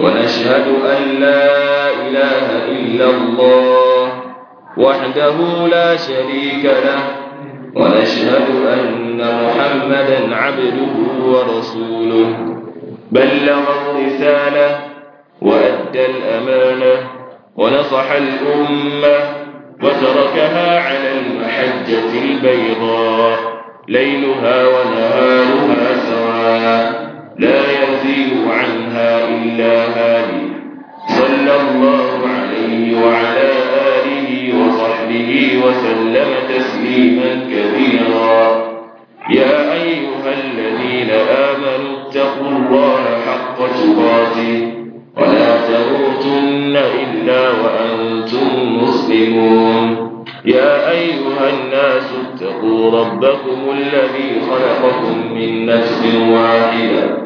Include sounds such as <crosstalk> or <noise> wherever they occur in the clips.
ونشهد أن لا إله إلا الله وحده لا شريك له ونشهد أن محمدا عبده ورسوله بلغ الرسالة وأدى الأمانة ونصح الأمة وتركها على المحجة البيضاء ليلها ونهارها سواء لا يزيد عنها إله إلا هادي صلى الله عليه وعلى آله وصحبه وسلم تسليما كثيرا يا أيها الذين آمنوا اتقوا الله حق تقاته ولا تموتن إلا وأنتم مسلمون يا أيها الناس اتقوا ربكم الذي خلقكم من نفس واحده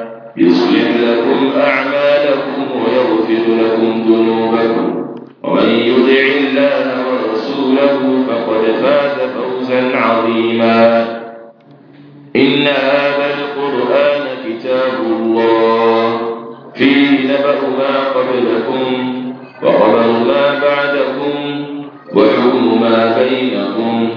يصلح لكم أعمالكم ويغفر لكم ذنوبكم ومن يدع الله ورسوله فقد فاز فوزا عظيما إن هذا القرآن كتاب الله فيه نبأ ما قبلكم وخبر ما بعدكم وحكم ما بينكم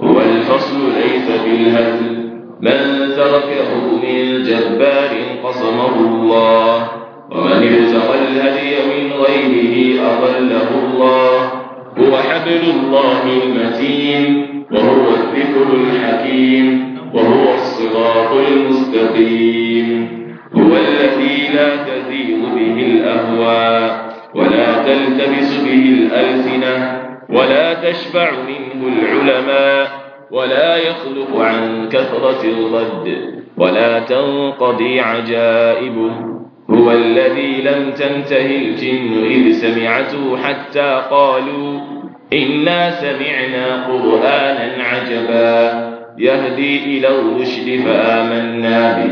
هو الفصل ليس بالهزل من تركه من جبار قصمه الله ومن ابتغى الهدي من غيره أضله الله هو حبل الله المتين وهو الذكر الحكيم وهو الصراط المستقيم هو الذي لا تزيغ به الأهواء ولا تلتبس به الألسنة ولا تشفع منه العلماء ولا يخلف عن كثرة الرد ولا تنقضي عجائبه هو الذي لم تنته الجن إذ سمعته حتى قالوا إنا سمعنا قرآنا عجبا يهدي إلى الرشد فآمنا به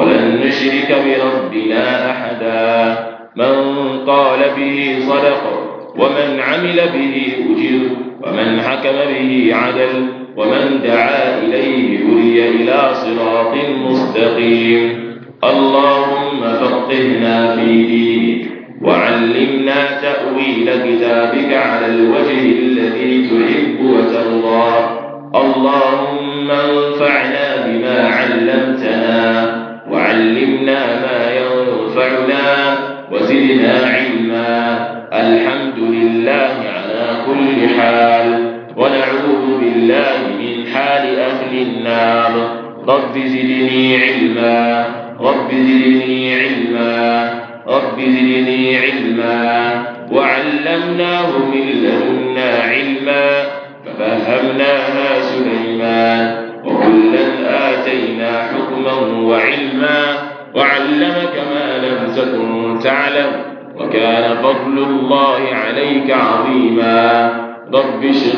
ولن نشرك بربنا أحدا من قال به صدق ومن عمل به أجر ومن حكم به عدل ومن دعا إليه يري إلى صراط مستقيم اللهم فقهنا في دينك وعلمنا تأويل كتابك على الوجه الذي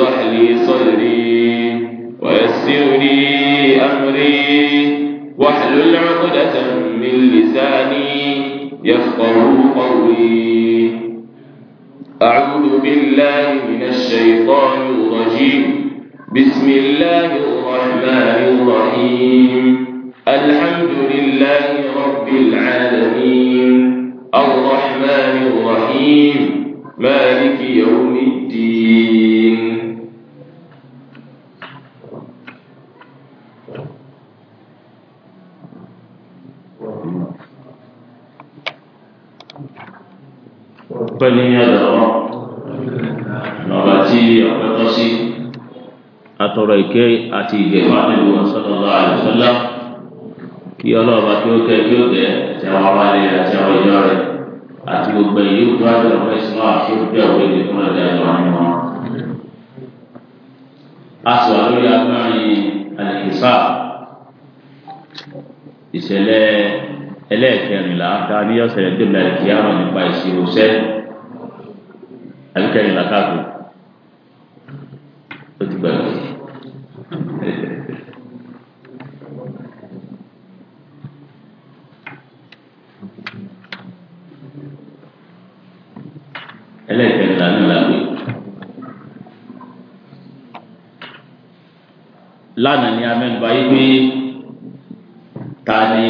اشرح لي صدري ويسر لي أمري واحلل عقدة من لساني يفقه قولي أعوذ بالله من الشيطان الرجيم بسم الله الرحمن الرحيم الحمد لله رب العالمين الرحمن الرحيم مالك يوم الدين ọpẹ́ ní ọ̀dọ̀ ọ̀rọ̀ lọ́ba tí ọpẹ́ tọ́ sí atọ̀rọ̀ ìkẹ́ àti ìgbẹ̀fà nínú ọ̀sọ́dọ̀lá àlùsọ́lá kí ọlọ́ọ̀bá kí ó kẹ́ kí ó kẹ́ àti àwọn abalẹ̀ àti àwọn ìjọ rẹ̀ àti gbogbo èyí ó tó àjọ ọ̀pẹ́ sí wọn àti ó bẹ̀rù èdè fún ẹ̀dá ìjọ wọn a sì wà agbárin àlèkèsà ìṣẹ̀lẹ̀ ẹlẹ́ẹ̀kẹrìnlá tá a ní ọ̀sẹ̀ lẹ́dẹ̀ẹ́dẹ́gbẹ̀rẹ̀ nípa ìṣirò sẹ́ẹ̀ àbí kẹrìnlá káàkó ó ti gbàgbé. ẹlẹ́kẹ̀ẹ́ta ní làwé lánàá ni amẹ́nuba yí pé ta ni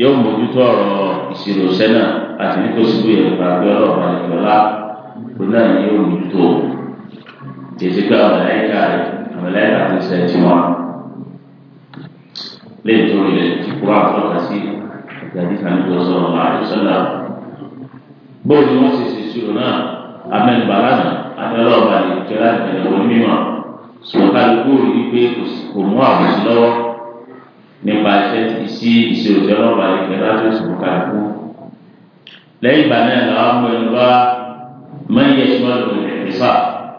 yóò mójútó ọ̀rọ̀ ìṣirò sẹ́nà àti nítòsí ìgbàgbé ọlọ́ọ̀bà ìjọba tó náà ní òní tó jèjì pé àwọn ẹ̀ka rẹ̀ àwọn ẹ̀ka tó ṣe ti wọn. lè tó ilẹ̀ tí kúrò àtọ́ka sí ìgbàdí kan tó sọ̀rọ̀ àìsọ́lá. bóòlù wọn sì ṣe ìṣirò náà amẹ́nubà lánàá abẹ́lọ́ọ̀bà ìjọba ìjọba mímọ́ sọ̀rọ̀ kálukú rí i pé kò mú àbùsí lọ́wọ́ nípa iṣẹ́ ìṣe lẹ́yìn ìgbà náà làwọn ọmọ ẹni bá mẹ́yìn ẹ̀sùn ọ̀dọ̀ ìrẹ̀lẹ́sà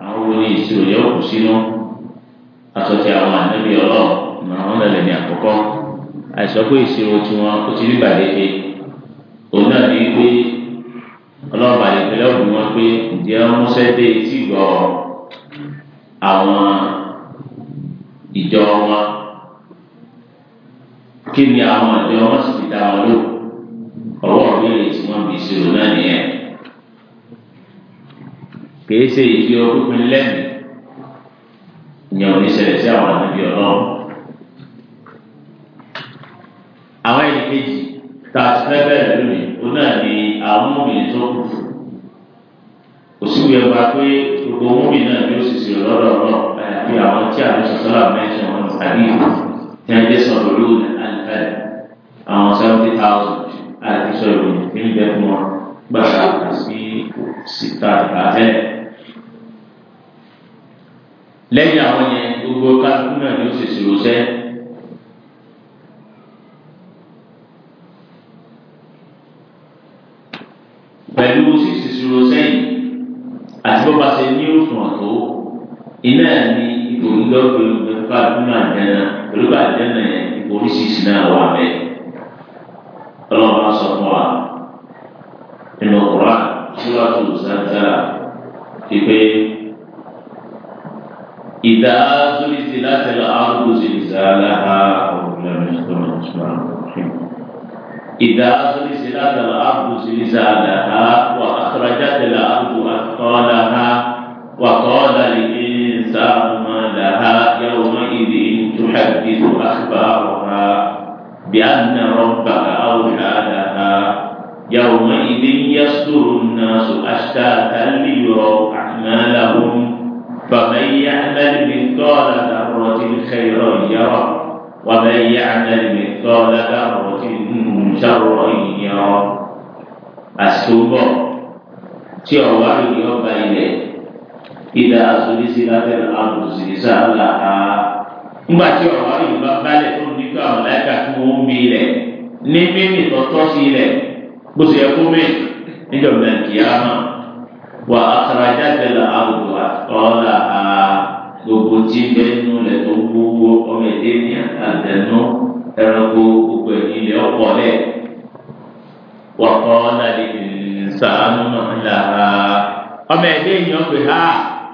àwọn owó ní ìṣirò yẹ kù sínú àtọ̀tí àwọn ànábì ọlọ́ọ̀ àwọn ọ̀lẹ̀ ní àkọ́kọ́ àìsàn pé ìṣirò tiwọn ó ti rí gbàdéke òun náà ní pé ọlọ́ọ̀bà ìpínlẹ̀ ògùn wọn pé ǹjẹ́ ọmọọṣẹ́ dé etí gbọ́ àwọn ìjọ wọn kí ni àwọn ìjọ wọn sì ti dá wọn lò ọwọ́ mi wọ́n fi ṣèrò náà nìyẹn. kìí ṣe ìdí orúkún lẹ́nu ìyẹn ò ní ṣẹlẹ̀ sí àwọn àdúgbò ọlọ́run. àwọn ẹnì kejì tá a ti fẹ́ bẹ̀rẹ̀ lónìí ó náà ní àwọn mọ̀mìnì tó kù fún òsìwò yẹn gba pé gbogbo mọ̀mìnì náà yóò sì ṣèrò lọ́dọ̀ ọlọ́run àyàfi àwọn tí àwọn sọ̀tọ́lá mẹ́sàn-án àbí ìlú tí wọ́n jẹ́ sọ̀rọ̀ lónìí àlùfáà àwọn seventy thousand òfin bẹ fún ọ gbàgbà kà sí síta àbáfẹ́. lẹ́yìn àwọn yẹn gbogbo kálukú náà ni ó sì sì rọ́ṣẹ́. pẹ̀lú sísì ṣòro sẹ́yìn àti bó bá ṣe ní òṣùwọ̀n tó iná ní ipò ńlọ́gbẹ̀ẹ́ kálukú náà jẹ́ náà pẹ̀lú bá jẹ́ náà ipò oríṣiríṣi náà wà bẹ́ẹ̀. إذا زلزلت الأرض زلزالها إذا زلزلت الأرض زلزالها وأخرجت الأرض أثقالها وقال الإنسان ما لها يومئذ تحدث أخبارها بأن ربك أوحى لها يومئذ يصدر الناس أشتاتا ليروا أعمالهم فمن يعمل مثقال ذرة خيرا يره ومن يعمل مثقال ذرة شرا يره السوبر تيوا يوم إليه إذا سلسلت الأرض زلزالها nígbà tí ọ̀rọ̀ yìí bá balẹ̀ tó ní ká àwọn láìka tí wọ́n mi rẹ̀ ní mímì tọ́tọ́ sí rẹ̀ bó ṣe yẹ kó mi níjọba ìkìyà náà wà àkàràjáde là àwùjọ àtọ́là à gbogbo tí bẹ́ẹ̀nu lẹ̀ tó gbogbo ọmọ èdè ní àtẹnu ẹranko gbogbo ẹ̀yìn ilẹ̀ ọ̀pọ̀ lẹ̀ wà kọ́ọ́lá lè sàánú là á ọmọ èdè yìí ọ̀pẹ̀ ha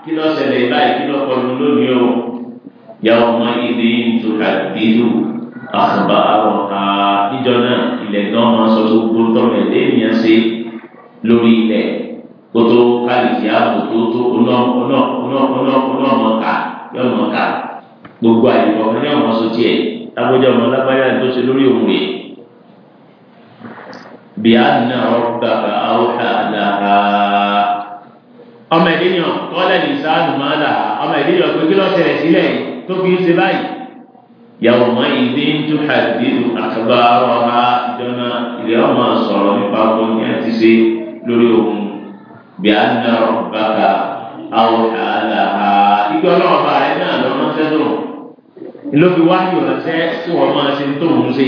kí ló ṣẹlẹ̀ báyìí kí ló kọlu lónìí o yàwó ọmọ ìdí ìtura dídú àkàbà àwọn àà níjọ náà ilẹ̀ náà máa sọ gbogbo tọ́mọ èdè ènìyàn ṣe lórí ilẹ̀ kótó kálífì àbòtó tó ọlọ́mọ̀ọ́ká yọ̀mọ̀ọ́ká gbogbo àyùkọ̀ kan yọ̀mọ̀ sọ́tì ẹ̀ lágbájá ọmọ lágbájá tó ṣe lórí òun rè bí a nà rabbaka awha laha ọmọ ẹ̀dínìyàn kọ́lẹ̀ ní sáàdù máa là ọmọ ẹ̀dínìyàn pé kí lọ́sẹ̀rẹ̀ sílẹ̀ tó fi ń ṣe báyìí yawma idhin tuhaddidu akhbaraha ìjọ́nà ìrẹ́ ọmọ sọ̀rọ̀ nípa ọmọ ní àti ṣe lórí بأن ربك أوحى لها ìgbà ọlọ́run ọba rẹ náà lọ ránṣẹ́ tó ló fi wáyé ránṣẹ́ tí wọ́n máa ṣe tó ń ṣe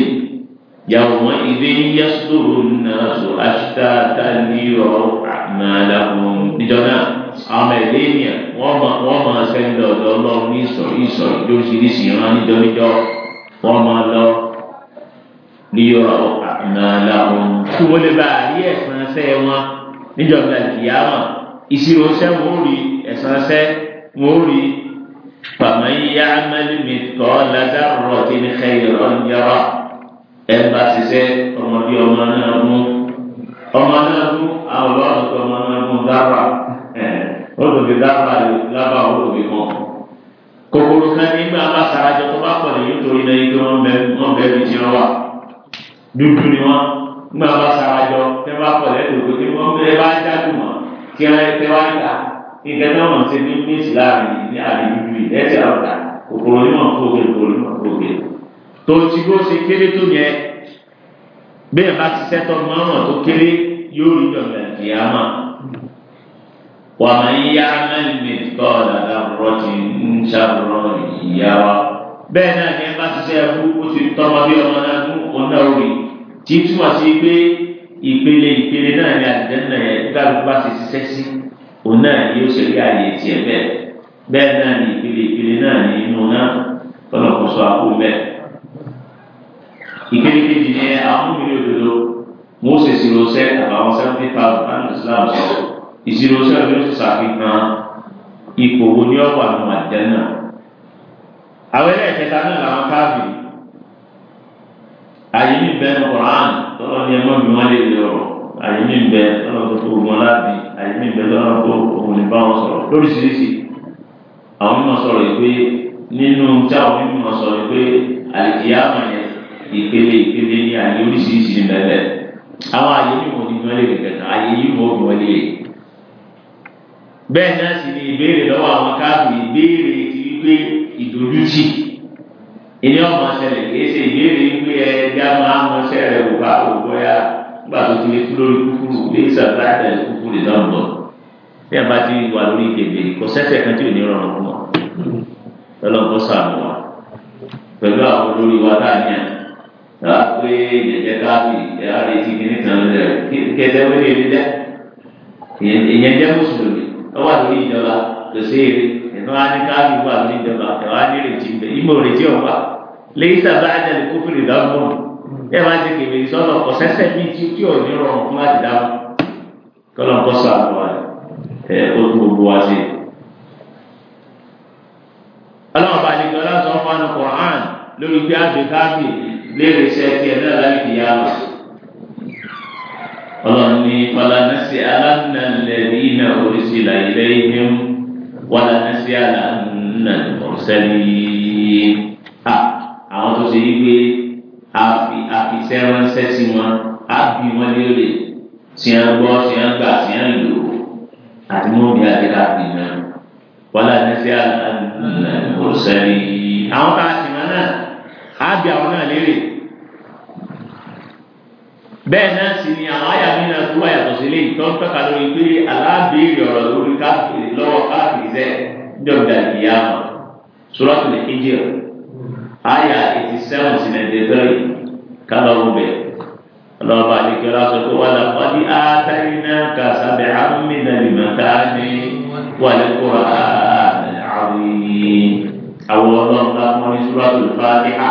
yàwó wọn ìdí yẹsùdòrò náà sọ àṣìṣàtà ní ọ̀rọ̀ àmàlà ọ̀hún níjọ náà àwọn ẹ̀dẹ́ ènìyàn wọ́n máa ṣe ń lọ ọ̀dọ̀ ọlọ́run ní ìsọ̀rí ìsọ̀rí lóríṣiríṣi ìran níjọ níjọ wọ́n máa lọ ní àmàlà ọ̀hún tí wọ́n lè bá ẹ̀sán ṣẹ́ wọn níjọba ìyáàmà ìṣirò sẹ́ wọ́n rí ẹ̀sán sẹ́ wọ́n rí fàmà yíyá mẹ́lìmí kọ́ ládàrọ̀ tí ní kẹyọrọ ń yọrọ ẹ̀ bá ṣiṣẹ́ ọmọdé ọmọ náà mú ọmọ náà mú àwọn ọlọ́run tó ọmọ náà mú dábà olùbí dábà lábà olùbí mọ́ kòkòrò kan nígbà bá sarajọ tó bá pọ̀ nìyí torí náà yìí tó wọ́n bẹ́ẹ̀ bí ti wọ́n wà dúdú ni wọ́n nígbà wọn bá sarajọ tẹ́ bá pọ̀ lẹ́tọ̀ ògbó tí wọ́n bẹ̀rẹ̀ bá jágùn mọ́ kí wọ́n tẹ́ wá gbà nǹkan tí wọ́n ti ní ní ìsìláàmì ní àdìdúdú yìí lẹ́sẹ̀ ọ̀gá òkòrò onímọ̀ kóge òkòrò onímọ̀ kóge tó ti bó ṣe kéré tó yẹ bẹ́ẹ̀ bá ti sẹ́tọ̀ mọ́ràn tó kéré yóò rí dọ̀gbà ìyáma wà á yá mẹ́lìmẹ̀ tọ́ dàda rọ́ọ̀tì ń ṣàrọ̀ ìyá wa bẹ́ẹ̀ náà ni ẹ bá ti sẹ́ tí túmọ̀ sí pé ìpele ìpele náà ní àdìdẹ́nà yẹn gbàgbọ́ bá ti ṣiṣẹ́ sí òun náà ni yóò ṣe rí àyè tiẹ̀ bẹ́ẹ̀ bẹ́ẹ̀ náà ní ìpele ìpele náà ní inú náà tọ́lọ̀kọ̀sọ àpò bẹ́ẹ̀. ìpele kejì ni àwọn mímí òdodo wọ́n ṣe ìṣirò ṣẹ́ àbáwọn seventy thousand and islam sọ ìṣirò ṣẹ́ ló ṣe ṣàfihàn ipò wo ni ọ̀wà nù àdìdẹ́nà. àwọn ẹlẹ́ẹ̀kẹta náà làwọn káàbì àyè mi bẹ ní koran tọ́lọ́ ní ẹmọ mi wọ́n lè lè ọ̀rọ̀ àyè mi bẹ tọ́lọ́ tó tó wọn lábì àyè mi bẹ tọ́lọ́ tó òun lè bá wọn sọ̀rọ̀ lóríṣiríṣi àwọn mímọ sọ̀rọ̀ yìí pé nínú tí àwọn mímọ sọ̀rọ̀ yìí pé àlìkìyà wọn yẹn ìpele ìpele ní àyè oríṣiríṣi ní bẹ́ẹ̀ àwọn àyè mi wọ́n ní wọ́n lè kẹ̀kẹ́ àyè yìí wọ́n bí wọ́n lè náà sì ni ìbéèrè lọ́wọ́ àwọn káàkiri ìbéèrè ti wípé Ya máa mọ iṣẹ́ rẹ̀ wò bá wò bóyá nígbà tó ti lè kú lórí kúkúrú lè sàgbá àtẹ̀lé kúkúrú náà ń bọ̀ bí a bá ti wà lórí ìkébé kò sẹ́sẹ̀ kan tí ò ní rọrùn fún ọ lọ́lọ́kọ́ sàmù wa pẹ̀lú àwọn olórí wa tá a ní à á pé jẹjẹ káàbì ẹ á retí kíní kan lẹ kẹtẹ wẹlé lílẹ ìyẹn jẹ mùsùlùmí ọ wà lórí ìjọba kò sí èrè ẹnu wa ní káàbì wà lórí ìjọba ẹ wá ní ẹ máa ti kèmè sọ́nà ọ̀sẹ̀sẹ̀ bíi tí tí ò ní rọrùn fún láti dáhùn kọ́nà kọ́ sọ àbúrò ẹ ó tún gbogbo wa sí. ọlọ́run bá ní kí ọlọ́run sọ fún àwọn Qur'an lórí bí abdulkabi léèrè iṣẹ́ tí ẹ náà láì fìyà wà. ọlọ́run ní falanasi alánàlẹ́rì iná oríṣi làyẹ̀lẹ́ ìhìn walanasi alánàlẹ́rì ọ̀sẹ̀ ní àwọn tó ṣe yí pé àfi àfisẹ́ ránṣẹ́ sí wọn àbí wọn léèrè sí à ń gbọ́ sí à ń gbà sí à ń lò àti mọ́bí àdéhà àbí náà wàhálà ní sí àlùsẹ́lì àwọn tá a sì wọn náà àbí àwọn náà léèrè bẹ́ẹ̀ náà sì ni àwọn àyàmí náà tó àyàtọ̀ sílé ìtọ́ ń tọ́ka lórí pé aláàbẹ̀rẹ̀ ọ̀rọ̀ lórí káfíìn lọ́wọ́ káfíìn sẹ́ẹ̀ ń dọ̀gbà ìyá wọn sọ́lá tó lè kéjì ọ̀rọ̀ àyà eighty seven sí ninety three kálọ̀rù bẹ̀ ọlọ́ọ̀bà àdìgbẹ́lá sọ pé wà lọ́kọ́ ní àtàyínà kàṣàbẹ̀ àmìnà lìmọ̀tà ní wàlẹ́kọ̀ọ́ àwìn àwọn ọlọ́run lápọ̀ ní sùràtù fàdíhà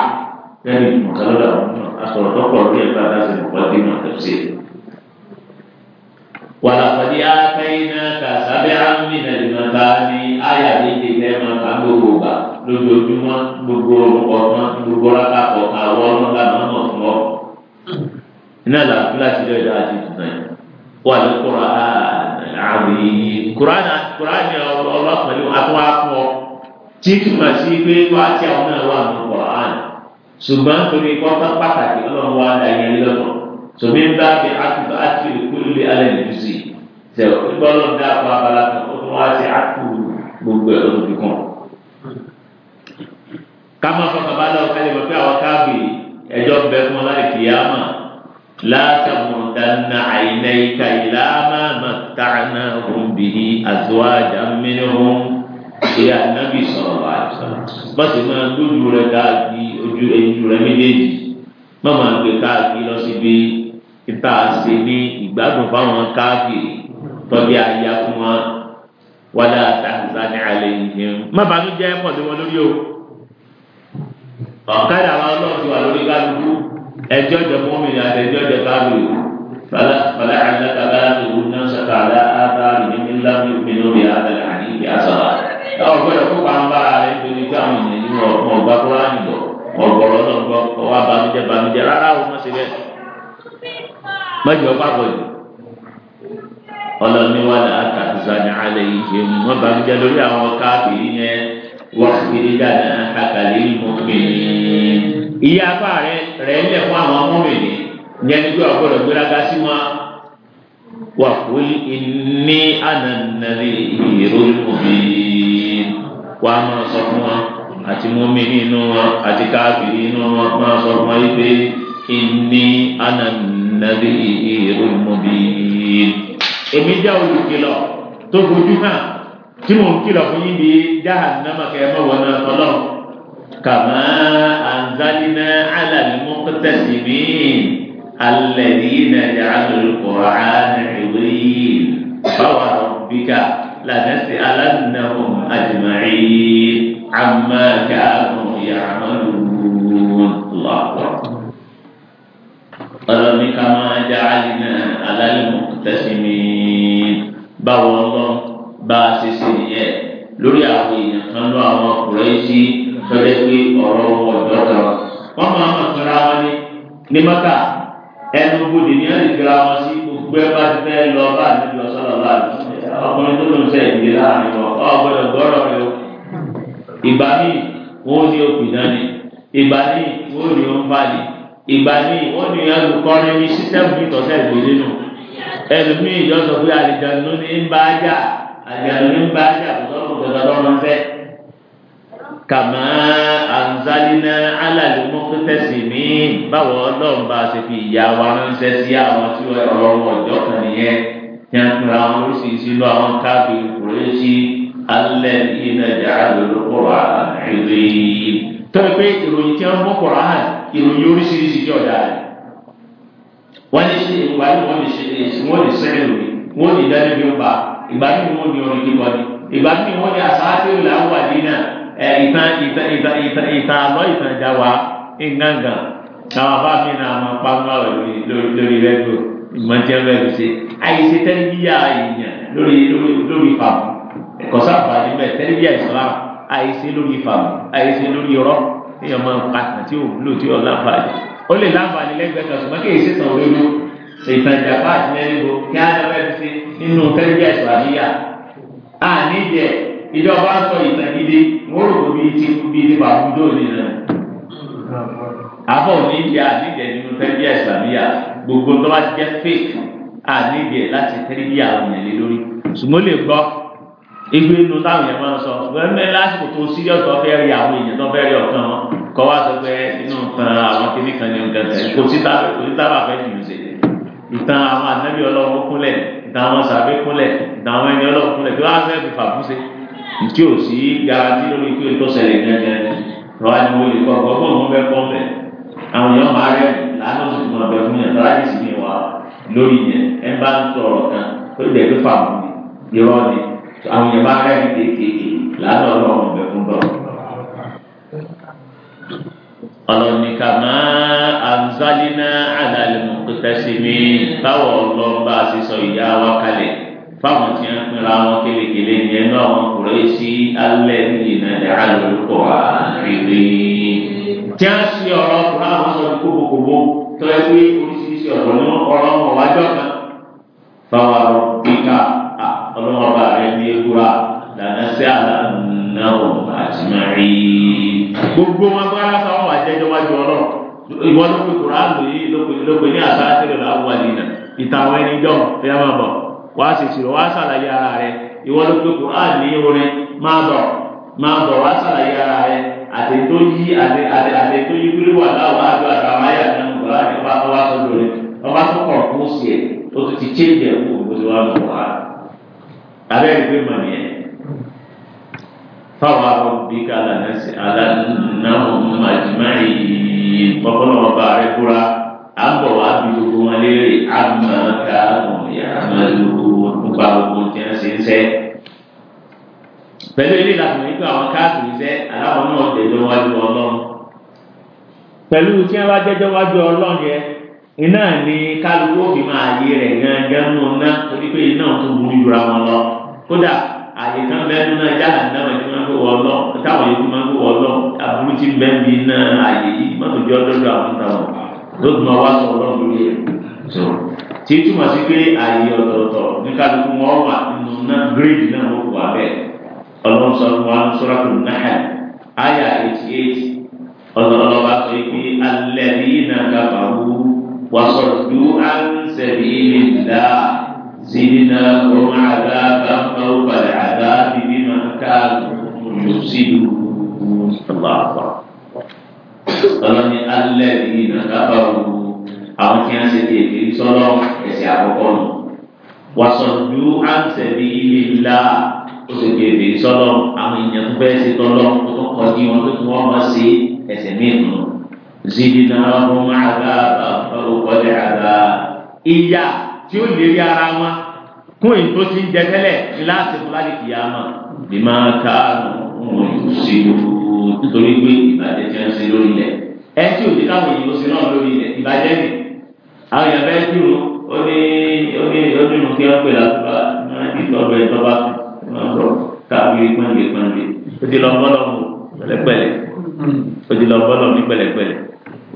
lẹ́yìn mọ̀kálọ́dà àsọ̀rọ̀ tọ́pọ̀ orí ẹ̀ bá dáṣe mọ̀kọ́ dín náà tẹ̀sí. wà lọ́kọ́ ní àtàyínà kàṣàbẹ̀ àmìnà lìmọ̀tà ní àyà ní ìdílé máa ká gbogbo gbà lójoojúmọ́ gbogbo ọ̀kan gbogbo ọ̀ka ọ̀ka àwọn ọlọ́ka máa mọ̀ fún ọ. iná làásù láti lọ ìdá àti ìtàn yìí wà ní kura àwì kurana kurani ọlọ́pàá àtúwà fún ọ tí túmọ̀ sí pé wá tí àwọn náà wà ní kurani ṣùgbọ́n torí kọ́ńtà pàtàkì ọlọ́run wà láyé lọ́nà tòmí ń bá bí àtúbà àti ìkúlẹ̀ alẹ́ nìkúsì tẹ̀ ọ́ ìgbọ́lọ́ dáàbò abala kan ó tún wá sí àtúbù gbogbo ẹ̀ lọ́dún kan kama fọkàn bá lọ kálí wọn pé àwọn káàbì ẹjọ ń bẹ fún ọ láì kìyàmà látàmùn dáná àìná ìka ìlàmà màtàánà òǹbìrì àzọwájà mìíràn ṣe ànábì sọ̀rọ̀ wá sọ̀rọ̀ bá sì máa lójú rẹ káàbì ojú ẹjú rẹ méjèèjì má máa káàbì lọ síbi kíta ṣe ní ìgbádùn fáwọn káàbì tọ́jú ayé fún wọn wàlá àtàkùn sani àlẹ́ yìí má bàánú jẹ́ pọ̀ sí wọn lórí o ọ̀kadà àwọn ọlọ́ọ̀tì wà lórí kálukú ẹjọ́ jẹ mọ́mìnì àti ẹjọ́ jẹ káàbìrì fàlà àyìnlẹ́ta bá lóru náà sọ̀tà àlá àtàrí ní nílá ní omi lórí àtàrí àní ìdí àsọ̀rọ̀ ọ̀gbọ́dọ̀ kó pàmbá rẹ̀ nítorí tí àwọn ènìyàn ní ọ̀gbọ́n ọ̀gbá kó láyìn lọ ọ̀gbọ̀rọ̀ náà gbọ́ ọwọ́ abanújẹ́ banújẹ́ rárá o má ṣe bẹ́ẹ̀ mẹ́jọ bá واغفر جناحك للمؤمنين ìyá apá rẹ rẹ ń lẹ fún àwọn ọmọbìnrin ní ẹni tó àgbọ́dọ̀ gbéraga sí wọn wà fún ní ànànàlẹ ìrólùmọbí wàá máa sọ fún wọn àti mọmìnì inú wọn àti káàbìrì inú wọn máa sọ fún wọn yìí pé ìní ànànàlẹ ìrólùmọbí èmi jẹ́ olùkìlọ̀ tó fojú hàn tí mò ń kìlọ̀ fún yín bí jahannama kẹ́ mọ́ wọnà tọ́lọ̀ kàmá anzalina ala al-muqtasimin alladhina ja'alu al-Qur'ana 'awiyyan fawa rabbika lanas'alannahum ajma'in 'amma kanu ya'malun lọ́wọ́. ọlọ́ni kàmá ja'alina ala al-muqtasimin báwo lọ́wọ́ bá a ṣe ṣe nìyẹn lórí àwọn èèyàn kan lọ àwọn ọkùnrin sí tọ́jú pé ọ̀rọ̀ wọn ọ̀dọ́ kan wọ́n máa ń kọ́ra wọn ní ní mọ́tà ẹnu gbòdì ní ẹ̀rì kíra wọn sí gbogbo ẹ bá ti fẹ́ lọ bá àdébí ọ̀sọ́lọ̀ bá ọkùnrin tó lòún sẹ́ ìdílé láàrin wọn ọgbọ́dọ̀ gbọ́rọ̀ rẹ o ìgbà míì wọn ò ní òkú náà ni ìgbà míì wọn ò ní òun bá ní ìgbà míì wọn ò ní alùpùpọ̀ ní sísẹ́mù ìtọ́sẹ̀ ìgbèlénu ẹlòmíì yọ sọ pé àlejò àjàlù ní bá ṣe àbùsọ̀rọ̀ gbọdọ̀ lọ́rùn fẹ́. kàmá anzalina alàlú mọ́kútẹ́sì mi báwo ọlọ́run bá ṣe fi ìyá wa ránṣẹ́ sí àwọn tí ọlọ́run ọjọ́ kan nìyẹn tí a ń pera àwọn oríṣiríṣi lọ àwọn káàbì kùrẹ́sì alẹ́ ìnàjà àlòlùkọ̀rọ̀ àìrí. tọ́ pé ìròyìn tí wọ́n mú kọ̀ọ̀rọ̀ hàn ìròyìn oríṣiríṣi jọ̀ dáa wọ́n ní ṣe ìwà ni wọ́n lè ṣe ìgbà tí wọ́n ní orin kíkọ ni ìgbà tí wọ́n ní àsáájú làwọn àdínà ìtàn ìtàn ìtàn ìtàn ìtàn àlọ́ ìtàn ìjà wa ńgàngàn àwọn bá mi náà máa pa mọ́ lórí lórí rẹ́díò ìmọ̀jẹ́ rẹ́díò ṣe àyíṣe tẹ́lifíyà èèyàn lórí lórí lórí fàmù ẹ̀kọ́ sábà níbẹ̀ tẹ́lifíyà ìsọ̀rọ̀ àyíṣe lórí fàmù àyíṣe lórí rọ́ èèyàn máa pa àti òwúlò tí ò láǹfààní ó lè láǹfààní lẹ́gbẹ̀ẹ́ kan ṣùgbọ́n kí èyí ṣètàn olóró ìtàn ìjàpá àti mẹ́rin bo kí á lọ́wọ́ ẹ̀ fi ṣe nínú tẹ́lifíà ìsìlámíyà a níjẹ ìjọba ń sọ ìtàn gidi wọ́n rò bí ti bí ti bàbújọ́ òní rẹ̀ àbọ̀ níjẹ a níjẹ nínú tẹ́lifíà ìsìlámíyà gbogbo tó bá ti jẹ́ fake a níjẹ láti tẹ́lifíà òní lé lórí ṣùgbọ́n lè gbọ́ igbe inú táwọn èèyàn máa ń sọ wẹ́ẹ́mẹ́ lásìkò tó síríọ̀tì ọ̀fẹ́ rí àwọn èèyàn tó fẹ́ rí ọ̀kan wọn kọ́ wá sọ pé inú tan àwọn kìnnìkan ní nǹkan tẹ̀ kò sí tábà fẹ́ jù ú sí ìtàn àwọn ànábì ọlọ́run kúnlẹ̀ dáwọn sàbẹ kúnlẹ̀ dáwọn ẹni ọlọ́run kúnlẹ̀ kí wọ́n á fẹ́ fi fàbúṣe tí ò sí garanti lórí pé tó ṣẹlẹ̀ gẹ́gẹ́ lọ́wọ́ ni mo lè kọ́ ọgbọ́n mo fẹ́ kọ́ bẹ̀ àwọn èèyàn máa rẹ̀ lánàá sì fún ọbẹ̀ fún yẹn tọ́lá sì ní wa lórí yẹn ẹ bá ń sọ̀rọ̀ kan tó dẹ̀ pé fàbùn ni irọ́ ni àwọn èèyàn máa rẹ̀ kéékèèké lánàá ọlọ́run ọbẹ̀ fún bọ́ọ̀ ọlọ́nìkà máa anzalina alalimu kutẹ́sìmí báwọ̀ ọlọ́ba ti sọ ìyá wa kalẹ̀ fáwọn tí wọ́n pinra wọn kélékèlé ní ẹnu àwọn kùrẹ́ sí alẹ́ níyì náà dẹ̀ alùpùpọ̀ àríwí. tí a sì ọ̀rọ̀ kúrò àwọn sọ ní kókòkòbó tó ẹ pé oríṣiríṣi ọ̀rọ̀ ní ọ̀rọ̀ wọn kan. báwa lọ kíkà ọlọ́mọba rẹ ní ewúra lànà sí àlànà òun àtìmọ́rí. gbogbo wọn gbára sáwọn jẹ́jọ́ wájú ọlọ́run ìwọ ló pe kuraanu yìí ló pe ní àṣà àtẹ̀lẹ̀ àwọn àdìyàn ìtàwọn ẹni jọ ẹ̀yà máa bọ̀ wá ṣèṣirò wá ṣàlàyé ara rẹ ìwọ ló pe kuraanu yìí orin máa bọ̀ máa bọ̀ wá ṣàlàyé ara rẹ àti tó yí àti àti àti tó yí wíwí wà láwọn àjọ àtàwọn ayé àti àwọn ọ̀rọ̀ àti wá wá sọ́dọ̀ rẹ ọba tó kọ̀ fún sí ẹ̀ tó ti ti chéjì ẹ̀ fún òkú tí wọ́n á lọ wá abẹ́rẹ́ ìgbé mọ̀ nìyẹn fáwọn arọ́bíkà lànàṣẹ aláǹnáhùn màjìmáì mọ́kànlá ọba rẹ kúra àbọ̀ wá bí gbogbo wọn léèrè àmàkà ọ̀yà àmàlùkù nípa gbogbo tí wọ́n ṣe ń sẹ́. pẹ̀lú ilé ìlànà nípa àwọn káàkiri sẹ́ aláwọ̀ náà tẹ̀lé wájú ọlọ́run. pẹ̀lú tí wọ́n bá jẹ́jọ́ wájú ọlọ́run yẹn iná ni kálukú òbí máa yé rẹ̀ gángan nù náà torí pé iná tó burú jura wọn lọ kódà àyè kan bẹ́ẹ̀ náà yá àdáwọ̀ ẹni máa ń gbé wọ́n lọ táwọn yòókù máa ń gbé wọ́n lọ aburú ti bẹ́ẹ̀ bí náà àyè yìí mọ́tò jọ́ dọ́dọ̀ àwọn táwọn lóògùn ọwọ́ sọ ọlọ́run lórí ẹ̀ so tí túmọ̀ sí pé àyè ọ̀tọ̀ọ̀tọ̀ ní kálukú wọn wà nínú náà gírèdì náà ló wà bẹ́ẹ̀ ọlọ́run sọ wọn sọ́ràkù náà àyà eighty eight زدناهم عذابا فوق العذاب بما كانوا يفسدون الله أكبر ọlọ́ni alẹ́ yìí nàka bá wù ú àwọn tí wọ́n ṣe ti èké sọ́lọ́ ẹ̀sẹ̀ àkọ́kọ́ nù wàsọ̀dù àǹsẹ̀bí ilé ńlá ó ṣe ti èké sọ́lọ́ àwọn èèyàn tó bẹ́ẹ̀ ṣe tọ́lọ́ tó kọ́ ní wọn tó tún wọ́n mọ̀ sí ẹ̀sẹ̀ mìíràn zidina ọmọ àgbà bàbá òkọ́lẹ̀ àgbà ìyá tí ó lérí ara wọn kún èyí tó ti ń jẹ tẹ́lẹ̀ ní láti fún láti kìí àmọ́ ní máa ká wọn yóò ṣe gbogbo nítorí pé ìbàjẹ́ ti ń ṣe lórí ilẹ̀ ẹ tí òjì káwọn èyí ló ṣe náà lórí ilẹ̀ ìbàjẹ́ ni àwọn èèyàn fẹ́ kí wọn ó ní ó ní ó ní kí wọn pè lásìkò náà kí tọ́jú ẹ̀ tọ́ba káàkiri pọ́nlé pọ́nlé ó ti lọ bọ́lọ̀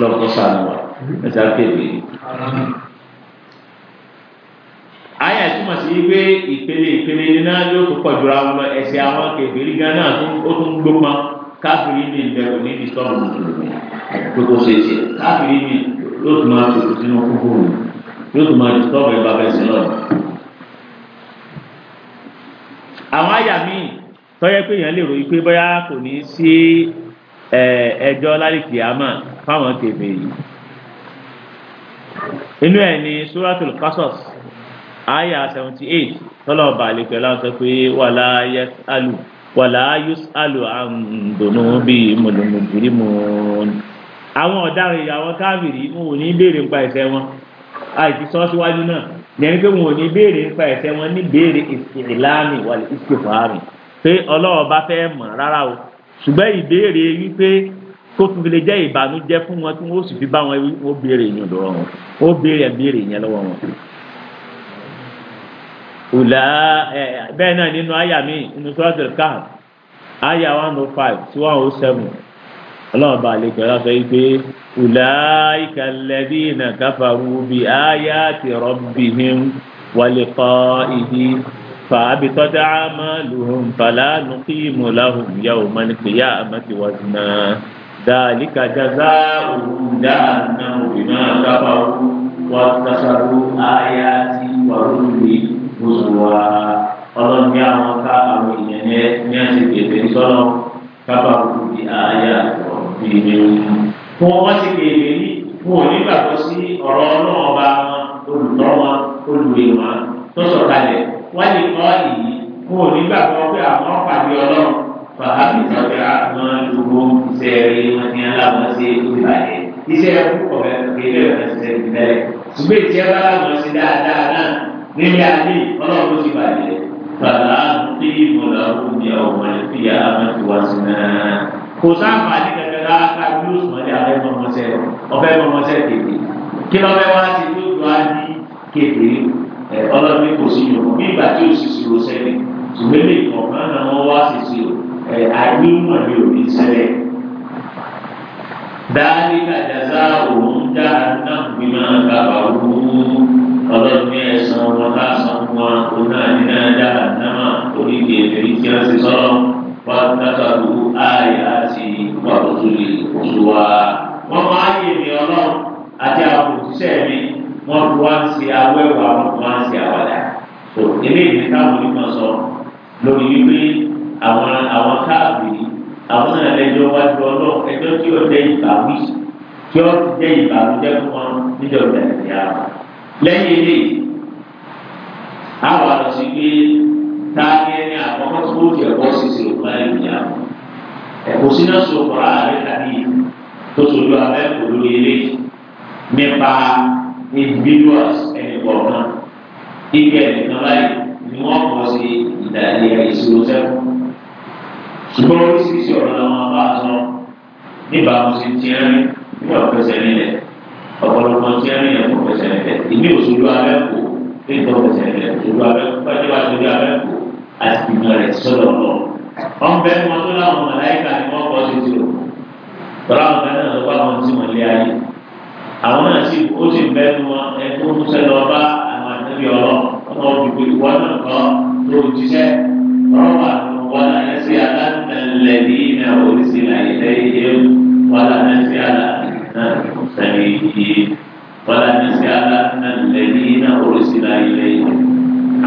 lọ́kọ́ sànù wa ẹ̀sà kéde. Ayà túmọ̀ sí pé ìpele ìpele nínú àjò tó pọ̀ jura wọn lọ ẹ̀sẹ̀ àwọn kèfèrí gan náà ó tún gbópa káfíìrì ní ìbẹ̀rù ní ìsọ̀rọ̀ mùsùlùmí gbogbo ṣe tiẹ̀ káfíìrì ní yóò tún máa tòkù sínú kúkú mi yóò tún máa dìtọ́ọ̀bù ẹ̀ bá bẹ̀ sí lọ́dọ̀. Àwọn àyà míì tọ́yẹ pé èèyàn lè ròyìn pé bóyá kò ní sí ẹjọ́ lálẹ́ kìámà fáwọn kébè yìí inú ẹ̀ ní suratul qasas aya seventy eight tọ́lọ̀ balẹ̀ pẹ̀lú àwọn sọ pé wàlá yẹs alu wàlá yus alu àǹdùnú bíi mùlùmùjìrì mùún. àwọn ọ̀daràn ìyàwó káàmìrì wọn ò ní béèrè nípa ẹ̀ṣẹ̀ wọn àìsí sọ́ síwájú náà lẹ́yìn pé wọn ò ní béèrè nípa ẹ̀ṣẹ̀ wọn ní béèrè ìsìlámì wàlẹ̀ ìsìfàárì pé ọlọ́wọ́ bá fẹ́ mọ̀ rárá o ṣùgbọ́n ìbéèrè wípé tó tún fi lè jẹ́ ìbànújẹ́ fún wọn tí wọ́n sì fi bá wọn wọ́n béèrè yẹn lọ́wọ́ wọn wọ́n béèrè béèrè yẹn lọ́wọ́ wọn. Ùlà ẹ bẹ́ẹ̀ náà nínú àyà mi nínú sọ́ọ̀tì káà àyà one oh five sí one oh seven ọlọ́run bá lè gbẹ́rẹ́ sọ yìí pé ùlà ìkàlẹ́bí iná káfàrú bí àyà ti rọ́bì him wàlẹ̀ kọ́ ìdí fàábìtọ́jà àmàlùhùn fàlànù kí yà ò mọ̀ ní àmàtìwájú náà. ذلك جزاؤهم جهنم بما كفروا واتخذوا آياتي ورسلي هزوا ọlọ́run ní àwọn ká àwọn èèyàn yẹn ní àsìkò ìbẹ̀rẹ̀ sọ́nà kábàárù di ààyè àtọ̀ bíi mẹ́rin. fún wọn sì kéde yìí fún onígbàgbọ́ sí ọ̀rọ̀ ọlọ́run ọba wọn olùtọ́ wọn olùwé wọn tó sọ̀kalẹ̀ wọ́n lè kọ́ ìyí fún onígbàgbọ́ pé àwọn fàhábìtà bí àwọn àdúgbò sẹ́ẹ̀rì wọn ni aláwọ̀ ṣe ìbàdí iṣẹ́ púpọ̀ kéde ọ̀nà ṣiṣẹ́ ìbẹ̀rẹ̀ ṣùgbọ́n ìṣe bá wọn ṣe dáadáa náà nílé ayé ọlọ́run ló ti bàjẹ́ bàbá bí ìmọ̀lá òkúni ọ̀mọ̀ ní fi àwọn ti wá sí náà. kò sáǹfààní kẹfẹ láàká bí ó sùn ọ́lẹ́ abẹ́ mọ́mọ́sẹ́ ọ̀fẹ́ mọ́mọ́sẹ́ kéde kí lọ́ fẹ́ wá sí ló tó á ní kéde ọlọ́run kò sí yòókù bí ìgbà tí ò sì ṣòro sẹ́ni ṣùgbọ́n ayé ìmọ̀lẹ́ òbí sẹ́lẹ̀. dáríkà jaza òun dá náà gbìmọ̀ bàbá wú ọlọ́ọ̀ni ẹ̀sán wọn láàsán wọn òun náà ní náà dá náà orí kèfé kí wọ́n ti sọ̀rọ̀ wọn dákàlù ayé àti wọn tó tún lè kóso wa. wọ́n máa yé mi ọlọ́run àti àwọn òṣìṣẹ́ mi wọ́n fi wá ń ṣe awẹ́wà wọ́n fi wá ń ṣe àwàdà. èmi ìdí táwọn onímọ̀ sọ lórí wípé àwọn àwọn káàbìrì àwọn náà lẹ́jọ́ wájú ọlọ́ọ̀ ẹjọ́ tí ó jẹ́ ìbáwí tí ó jẹ́ ìbànújẹ́ fún wọn níjọba ìyá lẹ́yìn ilé àwọn àlọ́sí pé táàgé ní àkọ́kọ́ tó ó jẹ́ ẹ̀kọ́ sísè òkúta ìyá ẹ̀kọ́ síná sọ fọ́ra rẹ̀ tàbí tó sojú abẹ́kọ̀ọ́ lórí ilé nípa individuals ẹni kọ̀ọ̀kan ibi ẹ̀nìkan báyìí ni wọ́n kọ́ sí ìdàgbé ìṣòro sẹ́kọ̀ọ́ ṣùgbọ́n oríṣiríṣi ọ̀rọ̀ làwọn bá sọ níbàámu sí tiẹ́rì nígbà pẹ̀sẹ̀ nílẹ̀ ọ̀pọ̀lọpọ̀ tiẹ́rì yẹn fún pẹ̀sẹ̀ nílẹ̀ ìmí òṣèlú abẹ́kù nígbà pẹ̀sẹ̀ nílẹ̀ òṣèlú abẹ́kù pẹ́ẹ́lú àṣèlú abẹ́kù àti ìgbìmọ̀ rẹ̀ sọ̀rọ̀ lọ. wọ́n bẹ wọn tó láwọn mọ̀láyíkà ni wọ́n kọ́ sí tìrò tọ́lá àwọn kan náà lọ́pọ̀ àwọn tí wọ́n lé ayé àwọn náà sì ó sì bẹ́ wọn ẹkún músẹ́ lọ bá àwọn àtẹ́bí ọlọ́ ọmọ òbí ولا نسألن الذين أرسل إليهم ولا نسألن المرسلين ولا نسألن الذين أرسل إليهم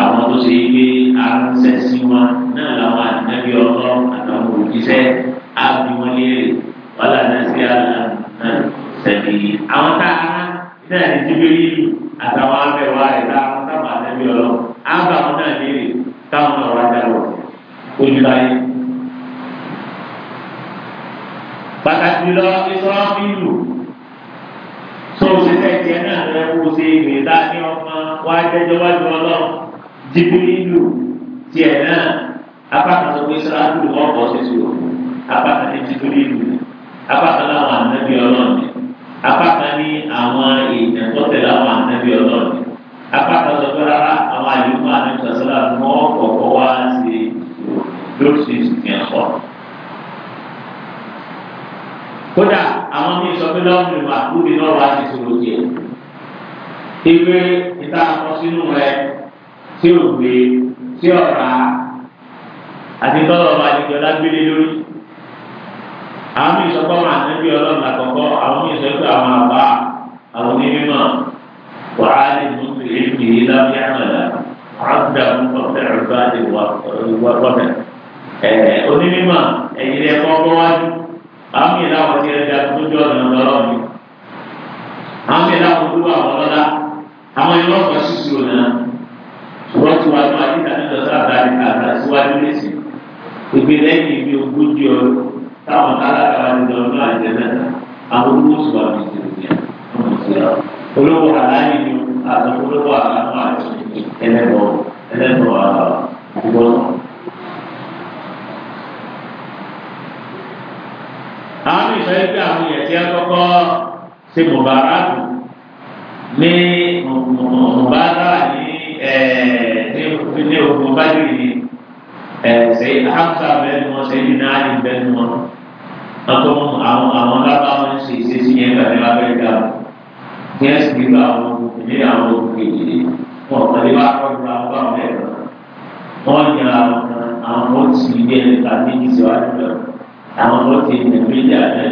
àwọn tó ṣe é gbé wá jẹ́jọ́ wájú ọlọ́run jìbìrì ìlú tiẹ̀ náà apákan sọ pé sọ́láàtù ọkọ̀ ṣèṣì o apákan ní jìbìrì ìlú ni apákan láwọn ànábì ọlọ́run ni apákan ní àwọn èèyàn tó tẹ̀lé àwọn ànábì ọlọ́run ni apákan sọ pé rárá àwọn àyùmọ̀ ànábì sọ́sọ́lá mọ́ ọ̀kọ̀ọ̀kọ̀ wá sí lóṣù ìsìnkẹ́ ọ̀ kódà àwọn míì sọ pé lọ́wọ́ mi lọ́wọ́ àti ìṣòro tiẹ̀ ìwé ìta àkọ sínú rẹ tí ò gbé tí ò rà àti tọ́lọ̀ ọba àti ìjọba gbélé lórí. àwọn mí sọ pé àwọn àtẹ́bí ọlọ́run àkọ́kọ́ àwọn mí sọ pé àwọn àbá àwọn onímọ̀ wà á lè mú èmi lábẹ́ àmàlà àgbà fún ọ̀fẹ́ ọ̀gá lè wà wọ́pẹ́. onímọ̀ ẹ̀yin lè kọ́ ọgbọ́n wájú àwọn mí láwọn ti rẹ̀ dàgbọ́jọ́ ọ̀nà ọlọ́run àwọn mí láwọn olúwa àwọn ẹni ọgbà ṣíṣe òun náà ṣùgbọ́n tí wàá tó àdìgbà nígbà tó àbáyé àgbà síwájú lẹ́sìn ìgbé lẹ́yìn ibi ogójì ọdún táwọn kálákàlá ní ọdún àjẹ mẹ́ta àwọn olówóṣù wà ní ìṣèlú olówó àlàyé ni àti olówó àlàmú àti ẹlẹ́bọ̀ ẹlẹ́bọ̀ àgbọ̀n. àwọn ìfẹ́ gbé àwọn ìyẹ̀tí akọ́kọ́ ṣe mọ̀bàrá dùn ní mọ̀bára eh, ní ní mọ̀bára ní sẹ́yìn hamsa bẹ́ẹ̀ ni wọ́n sẹ́yìn náà ní bẹ́ẹ̀ ni wọ́n akọ́ àwọn àwọn lábá wọn ṣe ìṣesí yẹn gbà ní lábẹ́ ìjà kí ẹ sì gbígbà àwọn ní àwọn òkèèyè wọn kàn lè wá kọ́ ìgbà wọn bá wọn lẹ́nu wọn ní àwọn àwọn ọmọ tí ilé ẹni tàbí ìṣèwádìí lọ àwọn ọmọ tí ilé ẹni méjì àná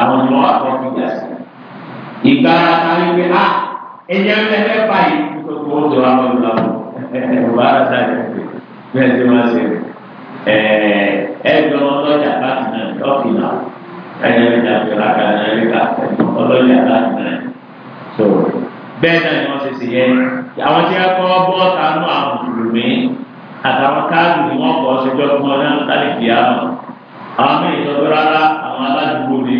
àwọn ọmọ àkọ́kọ́ ìjà sí ìgbà ayé pé ah, ẹ̀yẹ mẹ́fẹ́ báyìí kó tó tó àwọn ìlànà ìwà àṣà rẹ̀ bẹ́ẹ̀ tí wọ́n ṣe ẹ̀ẹ́dùn ọlọ́jà láti náà lọ́fìnà ẹ̀yẹ mẹ́ta fìlà kan ẹ̀ríkà ọlọ́jà láti náà so bẹ́ẹ̀ náà ni wọ́n ṣe ṣe yẹn àwọn tí wọ́n kọ́ bọ́ọ̀tà nù àwọn mùsùlùmí àtàwọn káàdì ni wọ́n kọ́ ṣe jọ́ fún ọ náà lálẹ́ ìdí àwọn àwọn mẹ́rin tó rárá àwọn aládùúgbò ni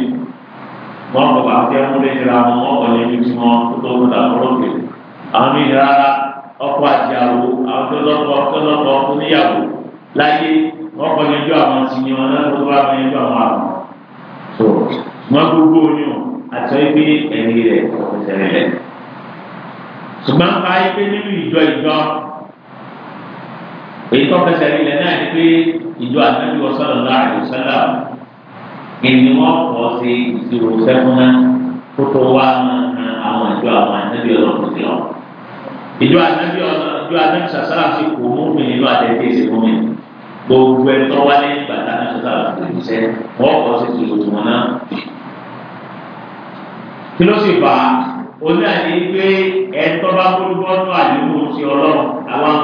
wọn kò bá fẹ́ mú léṣera wọn wọn kò lè fi tí wọn kó tó mú dàgbọ́rọ̀ gbé àwọn mi rárá ọkọ àtìyàwó àwọn tó lọ́kọ tó lọ́kọ tó níyàwó láyé wọn kò lè jọ àwọn ti yan náà tó bá wọn jọ àwọn àrùn tó wọn gbogbo oyún àtọ́ ìgbé ẹ̀rí rẹ̀ ọ̀pẹ̀sẹ̀ rẹ̀ ṣùgbọ́n ká ìgbé nínú ìjọ ìjọ èyí tó fẹsẹ̀ lẹ̀ náà ni pé ìjọ àtẹ́jú ọ̀sán lọ́la àdìsọ́lá ìní wọn kọ́ sí ìṣirò sẹ́kúnná kó tó wá àwọn ìjọ àwọn ànábì ọlọ́run sí ọ. ìjọ ànábì ọlọ́run ìjọ ànábì sàṣàrà sí kò mú mi nínú àtẹ̀tẹ̀ ìṣègùn mi gbogbo ẹ̀ tó wá lẹ́yìn bàtà náà sàṣàrà sí ìṣẹ́ wọn kọ́ sí ìṣirò tó wọn náà. kí ló sì fà á oní àti pé ẹ̀tọ́ bá gbólúgbó tó àdúgbò ti ọlọ́run àwọn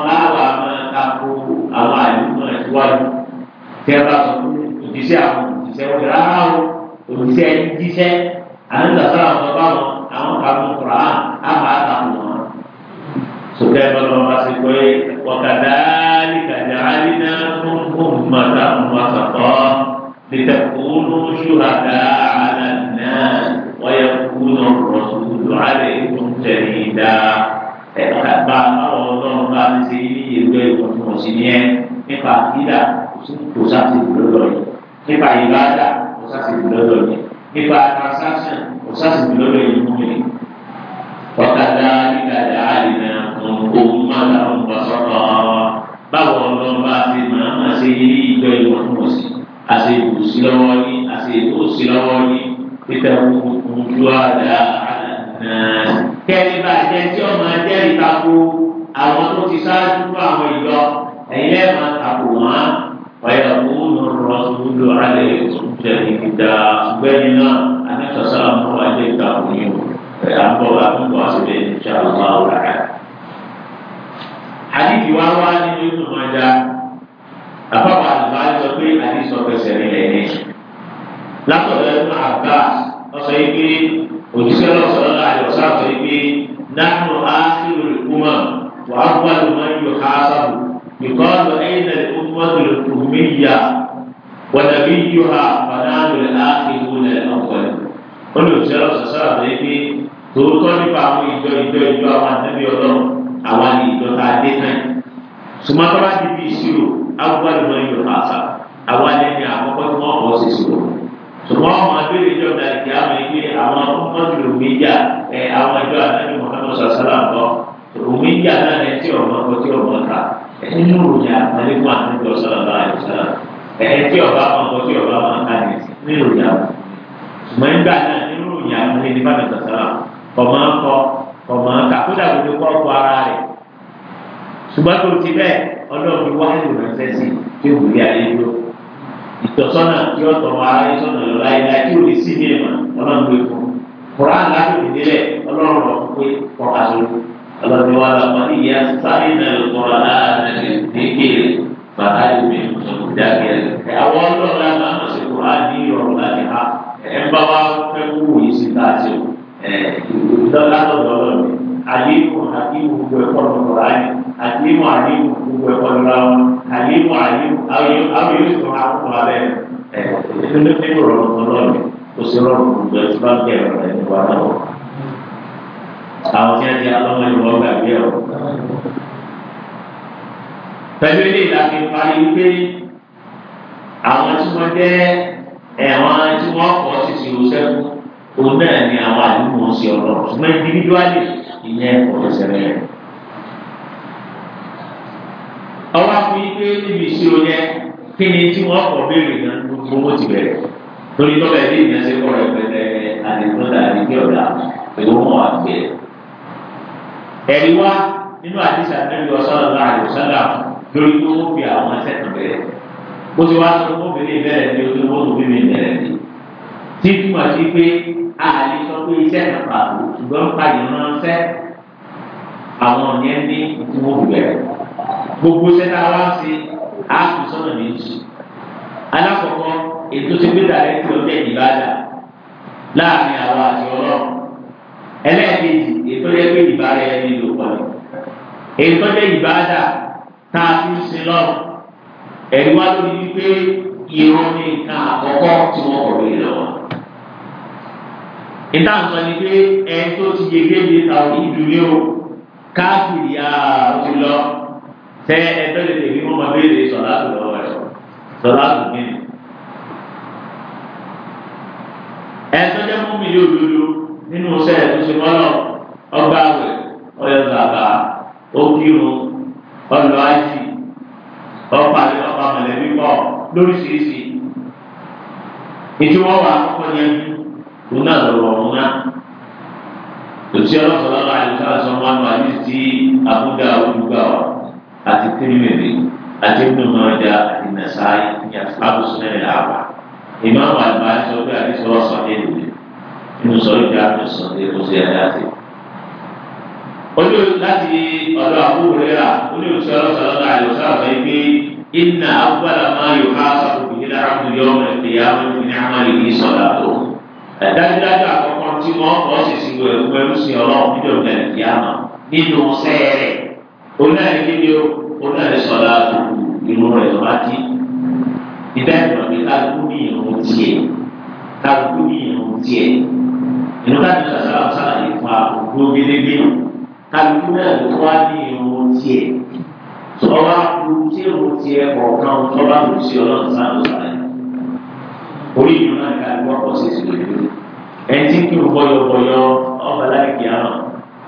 òṣìṣẹ́ wọn rárá o òṣìṣẹ́ jíṣẹ́ àwọn ìgbàsọ́ àwọn ọba wọn àwọn kàmú kura àmà àtàwọn wọn. sọtẹ́ bọ́lá bá ṣe pé wàkàdá nìkàdá àlínà fún fún màtà màtàkọ́ lìtẹ̀kùnú ṣùhàdá àlànà wọ́yẹ̀kùnú rọ̀ṣùlù àlẹ́ ìkùntẹ̀rì dá ẹ̀ka bá àwọn ọlọ́run bá ti ṣe ilé ìwé ìwọ̀ntúnwọ̀nsì ni ẹ nípa àkídà kò sáà ti gbọ́dọ̀ yìí nípa ìbáàdà kò sásìkò lọ́dọ̀ yìí nípa transaction kò sásìkò lọ́dọ̀ yìí mú mi. ọ̀kadà ìdàdà àdìnà òun máa ta òun bá sọ́kọ̀ báwo ọlọ́ba ti máa máa ṣe yí ìjọ ìwọ̀ntúnwọ̀nsì àti ìbùsí lọ́wọ́ ní àti ìbùsí lọ́wọ́ ní títẹ̀ ojú àdá àdìnà. kẹ́ni bá jẹ́ tí ọmọ ẹjẹ́ ìtako àwọn tó ti ṣáájú fún àwọn ìjọ ويقول الرسول عليكم شهيدا بيننا أن تساموا عليك أمين فيأمر أن واصل إن شاء الله تعالى حديث وروان ابن ماجه أفقع البعض في حديث وكسر إليه لقد ابن عباس وصيبي وجسر صلى الله عليه وسلم صيبي نحن آخر الأمم وأول من يحاسب يقال أين الأمة الأمية ونبيها فنحن الآخرون الأولون olùsọ̀rọ̀ sọ̀sọ̀rọ̀ àti pé tòótọ́ nípa àwọn ìjọ ìjọ ìjọ àwọn àtẹ́bí ọlọ́run àwọn àti ìjọ tá a dé náà sùmọ́tọ́lá ti fi ìṣirò awúgbàlù wọn yóò máa sà àwọn àlẹ́ni àkọ́kọ́ tí wọ́n kọ́ sí ìṣirò sùmọ́ ọmọ abẹ́rẹ́ ìjọ náà kì á mọ̀ pé àwọn ọmọdé lòmídìá àwọn ìjọ àtẹ́bí mọ̀kánmọ́ sọ̀sọ̀rọ̀ àbọ̀ lòmídìá náà nínú ìròyìn àpọ́nlé fún àwọn ìjọ sọ̀rọ̀ bá àyè tí ọba kan kọ tí ọba kan ká ní nínú ìròyìn àpọ́nlé ṣùgbọ́n nígbà náà nínú ìròyìn àpọ́nlé ní bàbá sọ̀rọ̀ kọ̀mọ́ kọ kọ̀mọ́ kàkúdà gbogbo kọ́ kọ ara rẹ̀ ṣùgbọ́n tó ti bẹ́ẹ̀ ọlọ́run wá ìlú rẹ̀ sọ́nà tí ò ọlọ́ni wa lọ́kọ́ni yẹ sáré náà lọ́kọ́rọ́ láàrin nìkéèrè bàbá ìwé ìdàgẹ̀ ẹ̀ àwọn ọlọ́ọ̀lá máa ń ṣe wá ní ọ̀rọ̀ láti ha ẹ̀ ń bá wa fẹ́ wúwo yìí sí láti o ẹ̀ ìdọ́lá lọ́dọ̀ ọlọ́ọ̀ni àlééwò àlééwò gbogbo ẹ̀kọ́ lọ́kọ̀ọ́ láyé àlééwò àlééwò gbogbo ẹ̀kọ́ lọ́ra wọn àlééwò àlééwò àwọn yóò sọ àkókò abẹ́ ẹ̀ ẹ̀ ẹ̀ ẹ̀ ẹ̀ ẹ̀ ẹ̀ ẹ̀ ẹ̀ ẹ̀ ẹ̀ ẹ̀ àwọn tí wọ́n jẹ́ ọlọ́mọ ìwọ gbàgbé ọ̀. pẹ̀lú ilé ìlànà ìparí pé àwọn tí wọ́n jẹ́ ẹ̀wọ̀n tí wọ́n ni àwọn àdúgbò ń ṣe ọ̀rọ̀ ṣùgbọ́n ni tí wọ́n kọ̀ béèrè náà gbogbo owó ti bẹ̀rẹ̀ torí lọ́bẹ̀ẹ́ ní ìyẹn ṣe kọ́ rẹ̀ pẹ̀lẹ́ àdìgbò dàdí kí ọ̀dà pẹ̀lú ẹ̀rí wá nínú àdìsí àtẹ́lẹ́ ọ̀sán láàrin ọ̀sánlá lórí tó wọ́n fi àwọn ẹsẹ̀tàn bẹ̀rẹ̀ ó ti wá sọ fún obìnrin bẹ̀rẹ̀ ní ojú wọn tó bíbí bẹ̀rẹ̀ ní tí túmọ̀ sí pé àlè sọ pé iṣẹ́ ìtàpá ṣùgbọ́n pàdé ránṣẹ́ àwọn yẹn ní tí wọ́n bẹ̀rẹ̀ gbogbo iṣẹ́ tá a wá sí a kò sọ́nà méjì alákọ̀ọ́kọ́ ètò ti gbé dàrẹ́ tí ó jẹ́ ìbàdà láàrin àwọn àti ọlọ́run ẹlẹ́ẹ̀kejì ìtọ́jẹ́ pé ìbára ẹni ló pọ̀ ní. ìtọ́jẹ́ ìbáadà tá a fi ń sin lọ ẹ̀rí wá lórí wípé ìran ní nǹkan àkọ́kọ́ tí wọ́n kọ̀ lórí lọ́wọ́. ìta nǹkan ni pé ẹni tó ti yege ní ta ìdúlé o káàkiri ààrùn lọ tẹ ẹgbẹ́ lè tẹ̀lé mọ́ máa béèrè sọ̀lá tó lọ́wọ́ rẹ̀ sọ̀lá tó gbé ni. ẹ̀tọ́jẹ́ mú mi yóò dodo nínú sẹ́ẹ̀ tó ṣe wọ́n ọgbà àwẹ̀ ọyọ bàbà ókìrun ọlọ àìsí ọpa ọpa mọ̀lẹ́bí pọ̀ lóríṣiríṣi ètò wọn wà àkọ́kọ́ yẹn òun náà lọ́rọ̀ ọ̀hún náà òtí ọlọ́sọ̀rọ̀ náà àyè sáà sọ wọn wà ní ti àbúdá olùgbà ọ àti tìrìmìrì àti ìmọ̀ọ́dá àti nàṣáì ní àbùsùnmẹ́rin àbá ìmáàmù àgbà sọ pé àdìsọ́ ọ̀sán ẹ̀dùn nínú sọ̀rọ̀ ìjà àbùsùn ẹ̀dùn sí ẹ̀dá sí i ojú láti ọ̀dọ̀ àbúrò rẹ̀ rà ojú òṣìṣẹ́ ọlọ́sọ̀rọ̀ náà àyọ̀ sábà gbé iná agbára máa yọ ká sọ̀rọ̀ kìí lára kù yọ ọmọ ẹ̀fẹ̀ yà wọ́n ní àmàlì yìí sọ̀dà tó. dájúdájú àkọ́kọ́ tí wọ́n kọ́ sì sí wọ ẹ̀kú ẹrú sí ọlọ́run níjọ́ ìgbàlẹ̀ kìí àmà nínú sẹ́ẹ̀rẹ̀ onáyẹ̀ kíni o onáyẹ̀ sọ̀dà tó ìlú rẹ̀ lọ́ba tí. ìdá ìgbàgbé kálukú ní kálukú náà ló wá ní irun tiẹ̀ sọ́wá kú tí irun tiẹ̀ kọ̀ọ̀kan sọ́wá kù sí ọlọ́run sáàlù sàlẹ̀ orí ìlú náà kálukú ọkọ̀ sí ìsìnkú ìlú ẹni tí kí n bọyọbọyọ ọba láì kí àrùn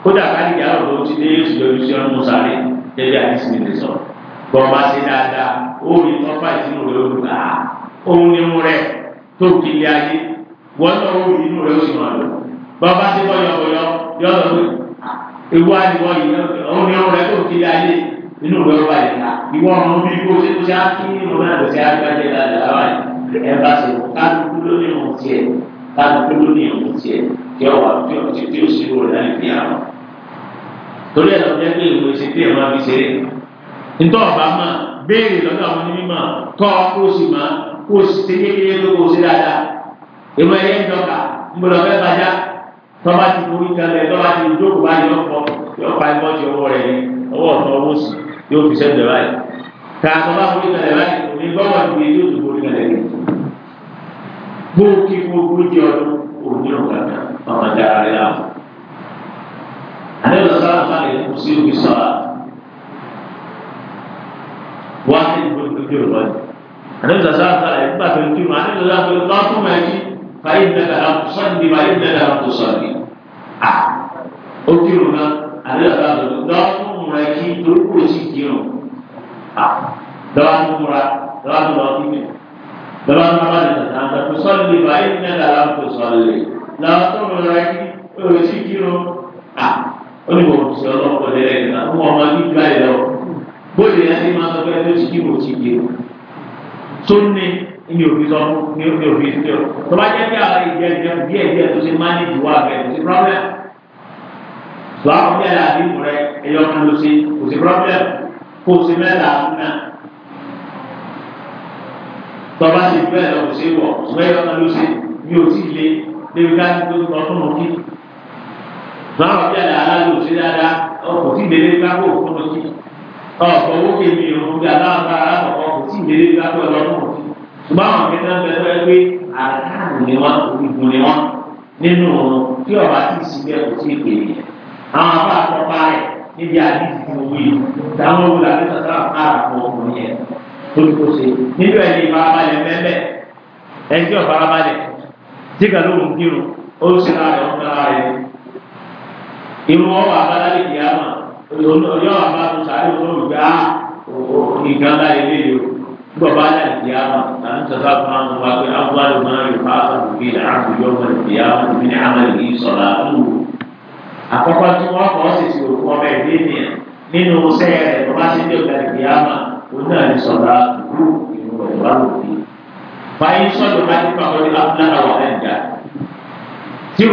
kódà káàdì kí àrùn ló ti dé yóò sì yọjú sí ọdún mọ́sálẹ̀ gẹ́gẹ́ àti sinmi sọ bọ́ọ̀bá ṣe dáadáa ó rí tọ́pá ìsinmi rẹ̀ olùkà òun ni mo rẹ̀ tó kiri ayé wọ́n náà ó rí inú rẹ̀ ó sì máa lọ bọ́ọ̀bá ṣe bọ́yọbọyọ yọ ewu adiwọ yìí ọmọ mi ọmọ rẹ tó kiri ayé nínú ìwé ọba yìí ká ìwọ ọmọ mi kó ṣe kó ṣe á kí nínú náà kó ṣe á gbá jẹ dáadáa wá yìí ẹ bá ṣe kálukú ló ní ìwọ̀n tiẹ̀ kálukú ló ní ìwọ̀n tiẹ̀ kí ọ wà tí ó ti tí ó sì rò rẹ ní àwọn. torí ẹ̀ lọ jẹ́ pé ìwé ṣe tí ẹ̀ máa fi ṣeré ntọ́ ọba máa béèrè lọ́dọ̀ àwọn onímọ̀ kọ́ kó sì máa kó sì ṣe kékeré tó kó ṣe dáadáa tọ́ba ti forí kalẹ̀ tọ́ba ti jókòó báyìí lọ́kọ̀ yóò pa ẹgbọ́n ti ọwọ́ rẹ̀ ọwọ́ ọ̀tún ọwọ́ sí yóò fi sẹ́gbẹ̀ báyìí ká tọ́ba forí kalẹ̀ báyìí omi gbọ́dọ̀ ti yóò ti forí kalẹ̀ rẹ̀ gbóòkì gbóòkì ọdún òní ọ̀gá ọmọ dára rẹ̀ láàbù. àdéhùn sábà máa lè kó sí omi sọ́ra wá sí ìgbóòkì ọdún àdéhùn sábà máa lè kó فإنك لم تصلي وإنك لم تصلي òbí ìṣe o tó bá jẹ́ pé àwọn ìjẹ jẹun díẹ̀ díẹ̀ tó ṣe máa ń dùn wá bẹ̀rẹ̀ kò sí problem tó àwọn bí ẹ̀la àdínkù rẹ ẹ̀yọ kan ló ṣe kò sí problem kó o ṣe mẹ́ta àdúrà tó bá ṣe bẹ́ẹ̀ lọ kò ṣe wọ̀ ṣùgbọ́n ẹ̀yọ kan ló ṣe ní òtí ilé débi ká tó ń tọ́ fún òkè tó àwọn bí ẹ̀la aláàlú ṣe dáadáa ọkọ̀ tí ìdílé ká kó òkú lọ sí ọkọ̀ owó kèmí ìrùn ṣùgbọ́n àwọn akẹ́kọ̀ọ́ ń bẹ fẹ́ pé àkáàlù ni wọ́n orígun ni wọ́n nínú tí ọba ti sì bẹ́ẹ̀ kò tí ì pè é àwọn afá àtọ́pá rẹ̀ níbi àdìsí owó yìí táwọn owó làbí sàtà àràpọ̀ ọkùnrin yẹn tó ti kó ṣe níbi ẹ̀ ní ìfarabalẹ̀ mẹ́mẹ́ ẹni tí ọ̀farabalẹ̀ tí kàló ń kírun ó ń ṣe láàrẹ̀ ó ń láàrẹ̀ ìmọ̀ ọ̀wọ̀ abáláyé kìí àmà yọ̀ọ̀ àbá tó sàárẹ̀ olóògbé gbọ̀bá àlàkìyàmà àwọn tọ́ta fún àwọn ọmọ pé agbára máa yọ fáwọn òbí làwọn yọmọ ìyàwó mi ní àmàlẹ́ yìí sọ̀rọ̀ àdúgbò. àkọ́kọ́ tí wọ́n kọ́ sì ti òkú ọmọ ẹ̀dẹ́ ènìyàn nínú sẹ́yẹ̀rẹ̀ tó bá sí ní ọ̀gá ìyàmà òun náà ní sọ̀rọ̀ àdúgbò ìlú ọ̀dọ̀bá òbí. báyìí sọ́dọ̀ bá ti pàkọ́ ní lára wà lẹ́ǹdà tí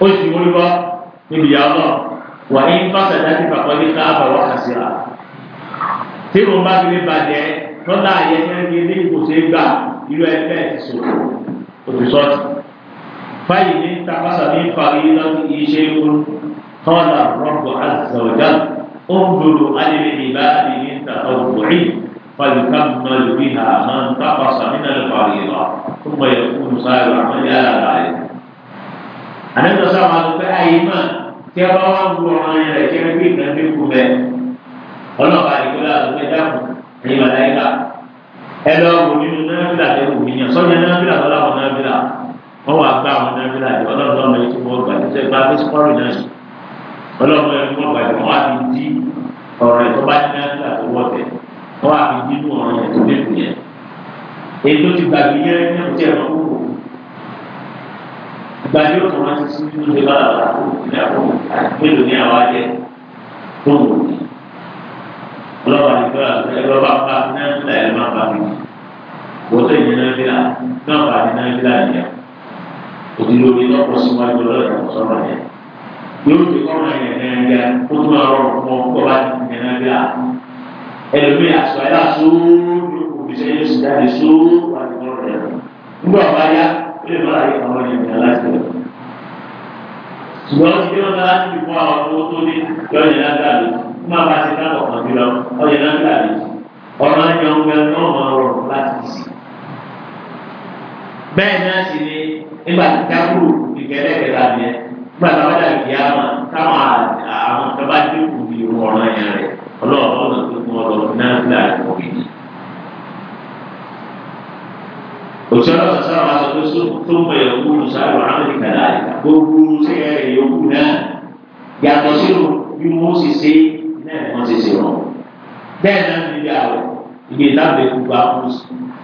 ó sì wọlé wá níbi ìyàwó wà ní fásitì àti pàpọ́lì káàbà wà kàṣíra tí wọn bá fi lè bàjẹ́ lọ́dà ayé ní ẹni ní kò ṣeé gbà irú ẹgbẹ́ ti sọ òtútọ́tù fáyì ní takasa ní parí lọ́dún iṣẹ́ ìwúrú kọ́ńdà rọ́bù àzọ̀jà ó ń dodo alẹ́ ìbáàdì ní tàkàwùrì فليكمل بها من تقص من الفريضة ثم يكون سائر العمل على ذلك àdéhùn sọ àwọn àdúgbò ayé mọ tí a bá wà ń wọ ọmọ yẹn rẹ kí ẹ gbé ìgbà gbẹkú bẹ ọlọ́pàá àdìgbò àdúgbò dàpọ ẹ̀yìn màláyíkà ẹ lọ wò nínú náírà ẹ wò níyàn sọnyẹ náírà wọn làwọn náírà wọn wà gbà àwọn náírà yìí ọlọ́pàá ọmọ yìí tó wọ gbà tó gba fi sọ̀rọ̀ náà yìí ọlọ́pàá yẹn tó wọ gbà wọn wà fi di ọ̀rọ̀ ẹ tó bá ní náírà tó wọ bẹ wọn wà fi di inú ọ̀rọ̀ yẹn tó dé ìgbà ní òtún wọn ti sún ní ìlú àlàlà ìyàwó mélòó ní àwọn ajẹ tó wù ní. ọlọ́wà nígbà ẹgbẹ́ bá bá náà ń lẹ̀ má bá mi. wọ́tò ìyẹn náà bí la náà bá mi náà bí la nìyà. òtí lórí lọ́pọ̀ síwájú ọlọ́dún sọ̀rọ̀ yẹn. yóò ti kọ́ ọ̀rọ̀ yẹn náà bí la kó tó máa rọrùn fún ọ kó bá ti yẹn náà bí la. ẹlòmíì àṣọ ẹ̀ láṣọ ó ní òkú lè má láyé àwọn ènìyàn aláṣẹ rẹ̀. ṣùgbọ́n kí wọ́n náà ti fún àwọn tó tó ní lọ́yẹ̀ lágbà rẹ̀ kí máa bá ti dábọ̀ kan bí lọ lọ́yẹ̀ lágbà rẹ̀ ọ̀rọ̀ ẹ̀yọ̀ ń bẹ náà máa rọrùn láti sí. bẹ́ẹ̀ náà sì ni nígbà tí kákúrò ìkẹ́lẹ́kẹ́lá ni ẹ nígbà tí wọ́n dàbí àmà káwọn àwọn tó bá dé kù ní ọ̀rọ̀ ẹ̀yà rẹ̀ ọlọ́ọ̀ọ́ òṣèlú ọ̀sán wa sọ pé sọ́mọ ẹ̀kú sáré àmì kàdáàlìkà gbogbo sẹ́yẹrẹ yòókù náà yàtọ̀ sínú bí wọ́n sì ṣe náà wọ́n sì ṣe wọn. bẹ́ẹ̀ náà ní ilé àwẹ̀ ìgbé ìtàbí gbogbo àwọn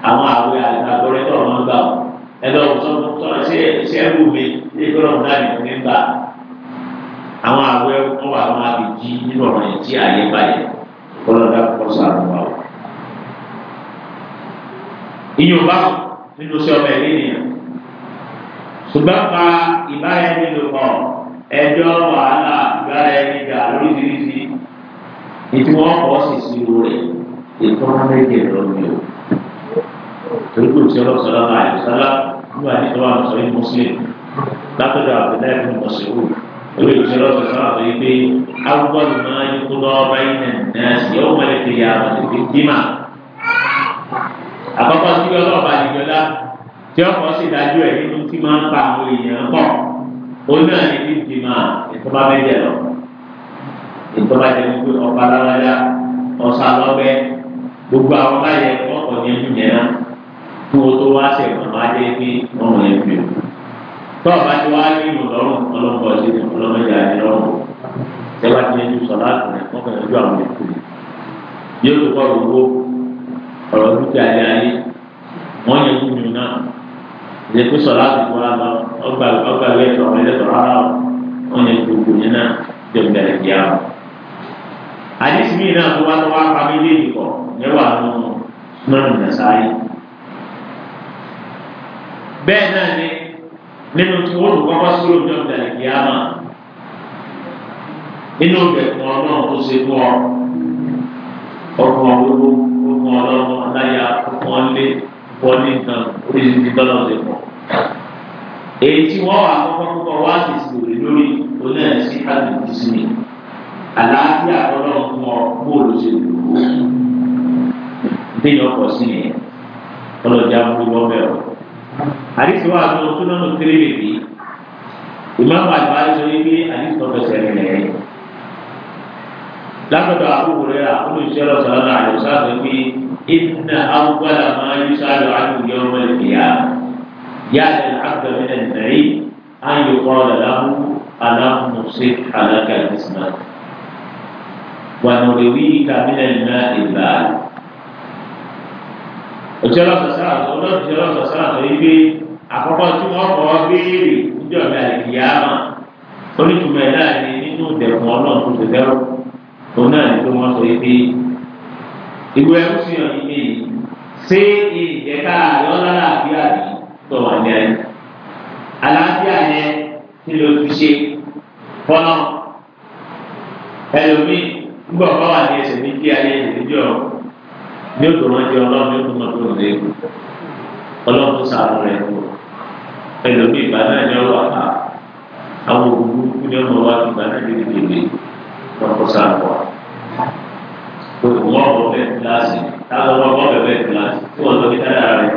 àwọn àwẹ̀ àgbàgbọ́rẹ́ tọ̀rọ̀ máa ń gbà wọ́n. ẹ̀dọ̀ sọ́nà sí ẹ̀rù mi ní ìgbọ́dọ̀ náà ní ìpínlẹ̀ gbà. àwọn àwẹ̀ wọn wà wọn àbèjì nínú ọ̀rọ̀ yẹn tí àyè bàjẹ́ nínú sí ọmọ ẹ̀mí nìyẹn. ṣùgbọ́n pa ìbára ẹni lò pọ̀ ẹjọ́ wàhálà ìbára ẹni gà lóríṣiríṣi ètò wọn kọ́ sì sí irú rẹ̀ ètò wọn méjì lọ́mí o. torí kò sí ọlọ́sọ̀ lọ́la àyùsálà nígbà tí wọ́n sọ yìí mùsùlùmí látọ̀dọ̀ àbẹ̀lẹ̀ fún mùsùlùmí olórí ìṣẹ̀lẹ̀ ọsẹ sábà sọ yìí pé awúgbọdù máa ń kó lọ báyìí náà sí ọmọ ẹlẹtẹ àkọ́kọ́ sí ọlọ́ọ̀bà àdìgbọ́lá tí ọkọ̀ sì dájú ẹ̀ nínú tí máa ń pa àwọn èèyàn pọ̀ òun náà ní bí ti máa ìtọ́ba mẹ́jẹ lọ ìtọ́ba jẹ gbogbo ọba lálájá ọ̀sà lọ́bẹ̀ gbogbo àwọn báyẹ ọkọ̀ ní ẹnu yẹn náà kí wọ́n tó wá sẹ̀ mọ̀ máa jẹ́ pé ọmọ yẹn fi o tọ́ọ̀bá ti wá rí ìmọ̀ lọ́rùn ọlọ́mọ sí ni ọlọ́mọdé àti lọ́rùn ṣẹ́wá ti yẹn ju sọ̀lá àtúnẹ̀ wọ́n fẹ́ràn ju àwọn èkó yìí yóò tó kọ́ ọ̀rọ̀ dúkìá ilé ayé wọ́n yẹ kú mi náà ìdè kó sọ̀rọ̀ àti kó ara ọgbà ọgbà ìwé ẹ̀tọ́ ọ̀rọ̀ ẹ̀tọ́ rárá o wọ́n yẹ kú kú yín náà jọ bẹ̀rẹ̀ kíá o. àdìsí mi náà tó wá tó wá pàmí ilé ìkọ̀ níwà nù mọ́nù nàṣáyé. bẹ́ẹ̀ náà ni nínú tí wọ́n lù kọ́kọ́ sí òjò bẹ̀rẹ̀ kíá náà inú bẹ̀ fún ọ náà ṣe fún ọ láyà ya lé wọn ní nǹkan oríṣiríṣi tọ́lọ̀ ṣe pọ̀. èyí tí wọ́n wà kọ́kọ́ kọ́kọ́ wá sí ìsìnkú lórí oníyànsí àdìsí àlàáfíà ọlọ́run fún ọ bóòlù ṣe lò ó. ìdíyàn ọkọ̀ sí yẹn ọlọ́jà mú wọn bẹ̀ ọ́. àdìsí wa lọ tó lọ́nà kéré bèbí ìmáàmù àgbáyé sọ wípé àdìsí tó fẹsẹ̀ rìn rẹ̀ látọ̀dọ̀ àbúrò rẹ̀ àkúrò ìṣẹ́ lọ́sàn-án àyọ̀sán àgbẹ̀ إن أول ما يسأل عنه يوم القيامة يا العبد من البعيد أن يقال له ألم نصح لك جسمك ونرويك من الماء البارد وجلس ساعة ولا جلس ساعة غريبة أقرب جمعة قريبة وجاء بعد القيامة قلت ما لا يريد أن يكون الله كنت ذرب هنا يكون الله ìwé ẹ̀rú sí yàn ní bíi ṣé ìjẹ́ká lọ́lára àbí àbí tó wà ní ẹ̀. àlàáfíà yẹn ti lò fi ṣe fọ́nà ẹlòmíì gbọ́ bá wà ní ẹsẹ̀ méjì ayé ìdíjọ́ ní òtò wọn jẹ ọlọ́run ní òtò wọn tó lè kú ọlọ́run sàánú rẹ̀ kú ẹlòmíì ìgbà náà ní ọlọ́ àbá àwọn òkú ní ọmọ wa ìgbà náà ní ìdílé ọkọ̀ sàánú wa tó wọ́n wọ́n bẹ́ẹ̀ kíláàsì táwọn wọ́n wọ́n bẹ́ẹ̀ kíláàsì tí wọ́n lọ bí káyà rẹ̀.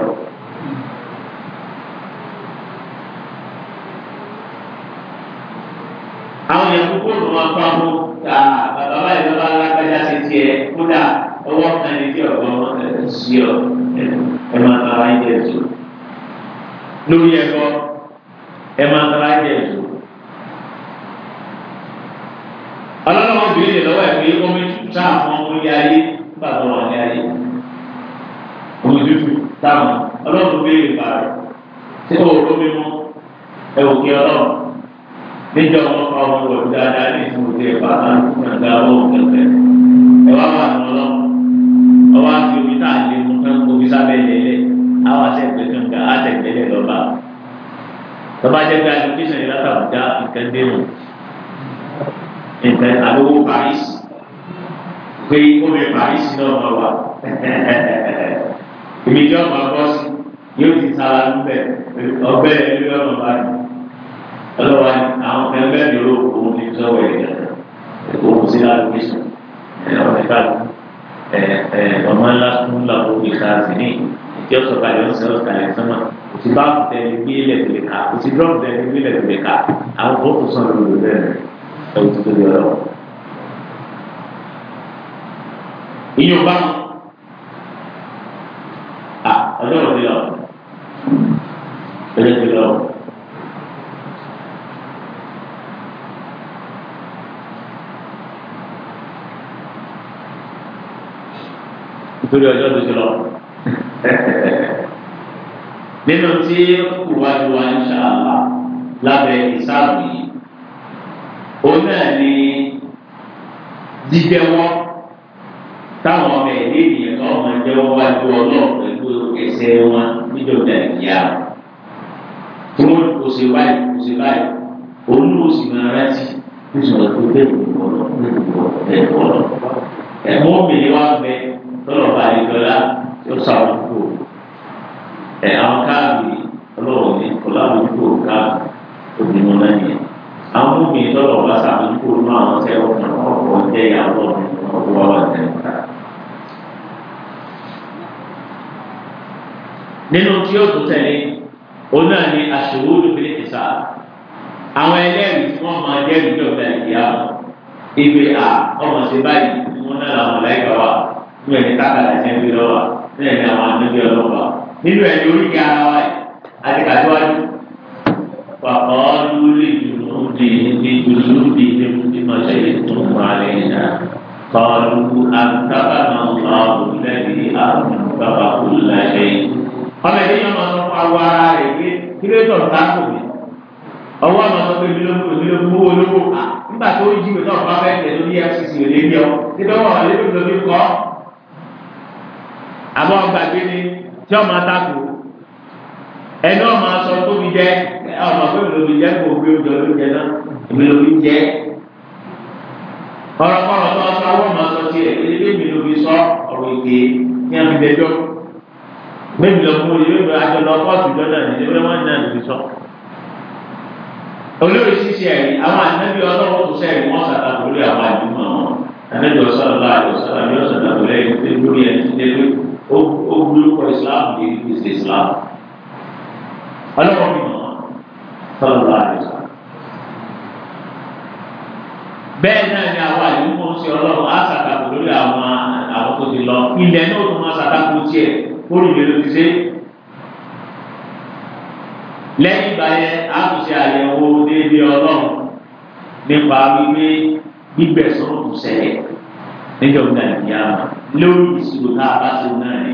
àwọn yẹn kúkú ló máa pa mú ká bàbá báyìí lọ́ba alágbájá ti tiẹ̀ kódà ọwọ́ kan ní kí ọ̀gbọ́n ẹ̀ sí ọ ẹ máa tara ẹ̀ jẹ́ èso lórí táàmù ọmọlé ayé bàbá wà ní ayé òdúdú táàmù ọlọ́run béèrè bàrẹ̀ tí ó rọ́ mímú ẹ ò kí ọlọ́run níjọ ọmọ fa ọmọ wọ̀ dáadáa ní ìfún òde ẹ̀fà náà gbàgbà ọ̀hún kẹ̀kẹ́ ẹ wá wà ní ọlọ́run ọwọ́ àti omi tá à lè mú fẹ́ omi sábẹ́ lélẹ̀ àwọn àtẹ̀gbẹ́ kankan àtẹ̀gbẹ́lẹ̀ lọ́ba lọ́ba jẹ́ pé àdókísàn yìí látàbùdá nǹkan dé wọn nǹkan àdówó Paris pé omi paris náà máa wà èmi jẹ́ ọmọ abọ́sí yóò ti sara lúbẹ̀ ọbẹ̀ ẹ̀rí ọmọ báyìí ọlọ́wà àwọn ẹgbẹ́ ìlú òun ní sọ́wọ́ ẹ̀yà òun sí láàbí sùn ọmọ ìta ọmọ ńlá fún làwọn olùkà sí ní ìjọ sọ̀tà yọ̀ ń sọ̀rọ̀ kàlẹ̀ sọ́mà kò sí tẹ̀lé gbé lẹ́gbẹ̀ẹ́ ká kò sí tẹ̀lé gbé lẹ́gbẹ̀ẹ́ ká àwọn bọ́ọ̀kù sọ̀rọ̀ lórí bẹ́ẹ̀ ẹ̀ ìyẹn ò bá wọn à ọjọ́ òde lọ ọjọ́ òde lọ. nítorí ọjọ́ òde lọ <laughs> nínú tí kù wájú wa ń ṣàlá lábẹ́ ìsáàbù yìí òun náà ni jíjẹ́wọ́ táwọn ọmọ ẹ̀ ní ènìyàn náà máa jẹ́ wọ́n wá ju ọlọ́run pẹ̀lú ẹsẹ̀ wọn níjọba ìyá tí wọ́n kò ṣe báyìí kò ṣe báyìí òun ló sì máa rántí kó sì máa tó bẹ́ẹ̀ bọ̀lọ̀ bẹ́ẹ̀ bọ̀lọ̀ ẹ̀mọ́ obìnrin wa bẹ tọ́lọ̀ bá lè dọ́là yóò sàwọn kú ẹ̀ àwọn káàbì ọlọ́run ní kọlá àbójútó káàbì obìnrin náà yẹn àwọn obìnrin tọ́lọ̀ bá sàbójútó náà àwọn sẹ́wọ̀n kan ọ̀pọ̀ jẹ́ ìyàwó ọ̀pọ̀ wà wà tẹ̀lé nínú tí yóò tó tẹ̀lé òun ni àṣòwò olùbílẹ̀ ti sá àwọn ẹlẹ́rìí tí wọ́n máa jẹ́ ìjọ ọ̀gá ìyá ìgbé à ọmọ ṣe báyìí tí wọ́n náà làwọn láìka wa ní ẹni kákàlà ṣe ń gbé lọ́wọ́ ní ẹni àwọn àdúgbò ọlọ́pàá nínú ẹni oríkì ara wa àti kàtíwájú pàpọ̀ ọdún lè dùn ó di ní dùn ó di ní mímọ̀ ṣe ètò ọmọ alẹ́ ìjà. قالوا أنتقم الله الذي أنفق كل ọmọ ẹ̀dẹ́ yẹn máa sọ awọ ara rẹ̀ pé kílódé ọ̀tá kò mí ọwọ́ àmọ́ sọ pé mílíọ̀nù mílíọ̀nù owó olówó à nígbà tó yí ìwé náà bá fẹ́ tẹ̀ lórí fcc ò lè yọ nítorí wọn lè lò ní kọ́ àmọ́ gbàgbé ni tí ọmọ atakò ẹni ọmọ asọ tóbi jẹ ọmọ pé mílíọ̀nù jẹ kó gbé ojú ọdún jẹ náà mílíọ̀nù jẹ ọ̀rọ̀ tó ọsọ méjì lọ fún oyè méjì àjọ lọ pọ́ọ̀tù jọ́dá ní ẹgbẹ́ wọn náà lè fi sọ. olórí ṣíṣe ẹ̀rí àwọn ànábì ọlọ́wọ́ kò sẹ́yìn wọ́n sàtà lórí àwọn àdúgbò wọn ànábì ọ̀sọ́lá ọ̀sọ́lá ní ọ̀sọ́lá lórí ẹni lórí ẹni tí lé lórí ó gbólókọ ìsìláàmù ní ìlú ìsìn ìsìláàmù. ọlọ́wọ́ mi mọ̀ sọ́lá àdúgbò. bẹ́ẹ̀ náà ni àwọn àdúgbò ń ṣe ọlọ́wọ́ á lórí àwọn àwọn tó ti lọ ilẹ̀ náà tó ó rí ìlú ti ṣe. lẹ́yìn ìgbà yẹn a tún ṣe àyẹ̀wò déédéé ọlọ́run nípa wípé gbígbẹ̀sán kò ṣẹlẹ̀ níjọ́ nàìjíríà lórí ìṣirò tá a bá ṣe náà ni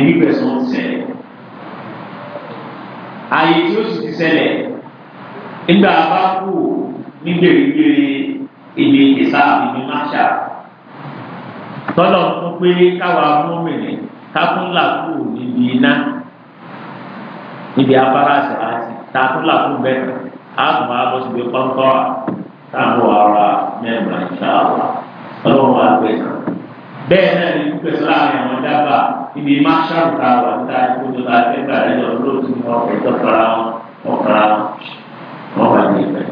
ní gbígbẹ̀sán ti ṣẹlẹ̀. àyè tí ó sì ti ṣẹlẹ̀ nígbà bá kú ní gbèrègbèrè ibi ìsáàbì ní máṣà tọ́lọ̀ fún pé káwa mú mìíràn takúnlà kù níbi iná níbi afárá àti àti takúnlà kù bẹ́ẹ̀ àtùmọ̀ abọ́sibí kọ́ńtọ́ táwọn ará mẹ́rin àìsàwà ọlọ́run àgbẹ̀ e. bẹ́ẹ̀ náà ni wípé sọ́lá àwọn ẹ̀wọ̀n dábàá níbi máṣáàrù tá a wà níta ìkójọ tá a fẹ́ gbà lẹ́yìn olóòtú ní ọkọ̀ ìtọ́kara wọn ọ̀kara wọn wà ní ìfẹ́.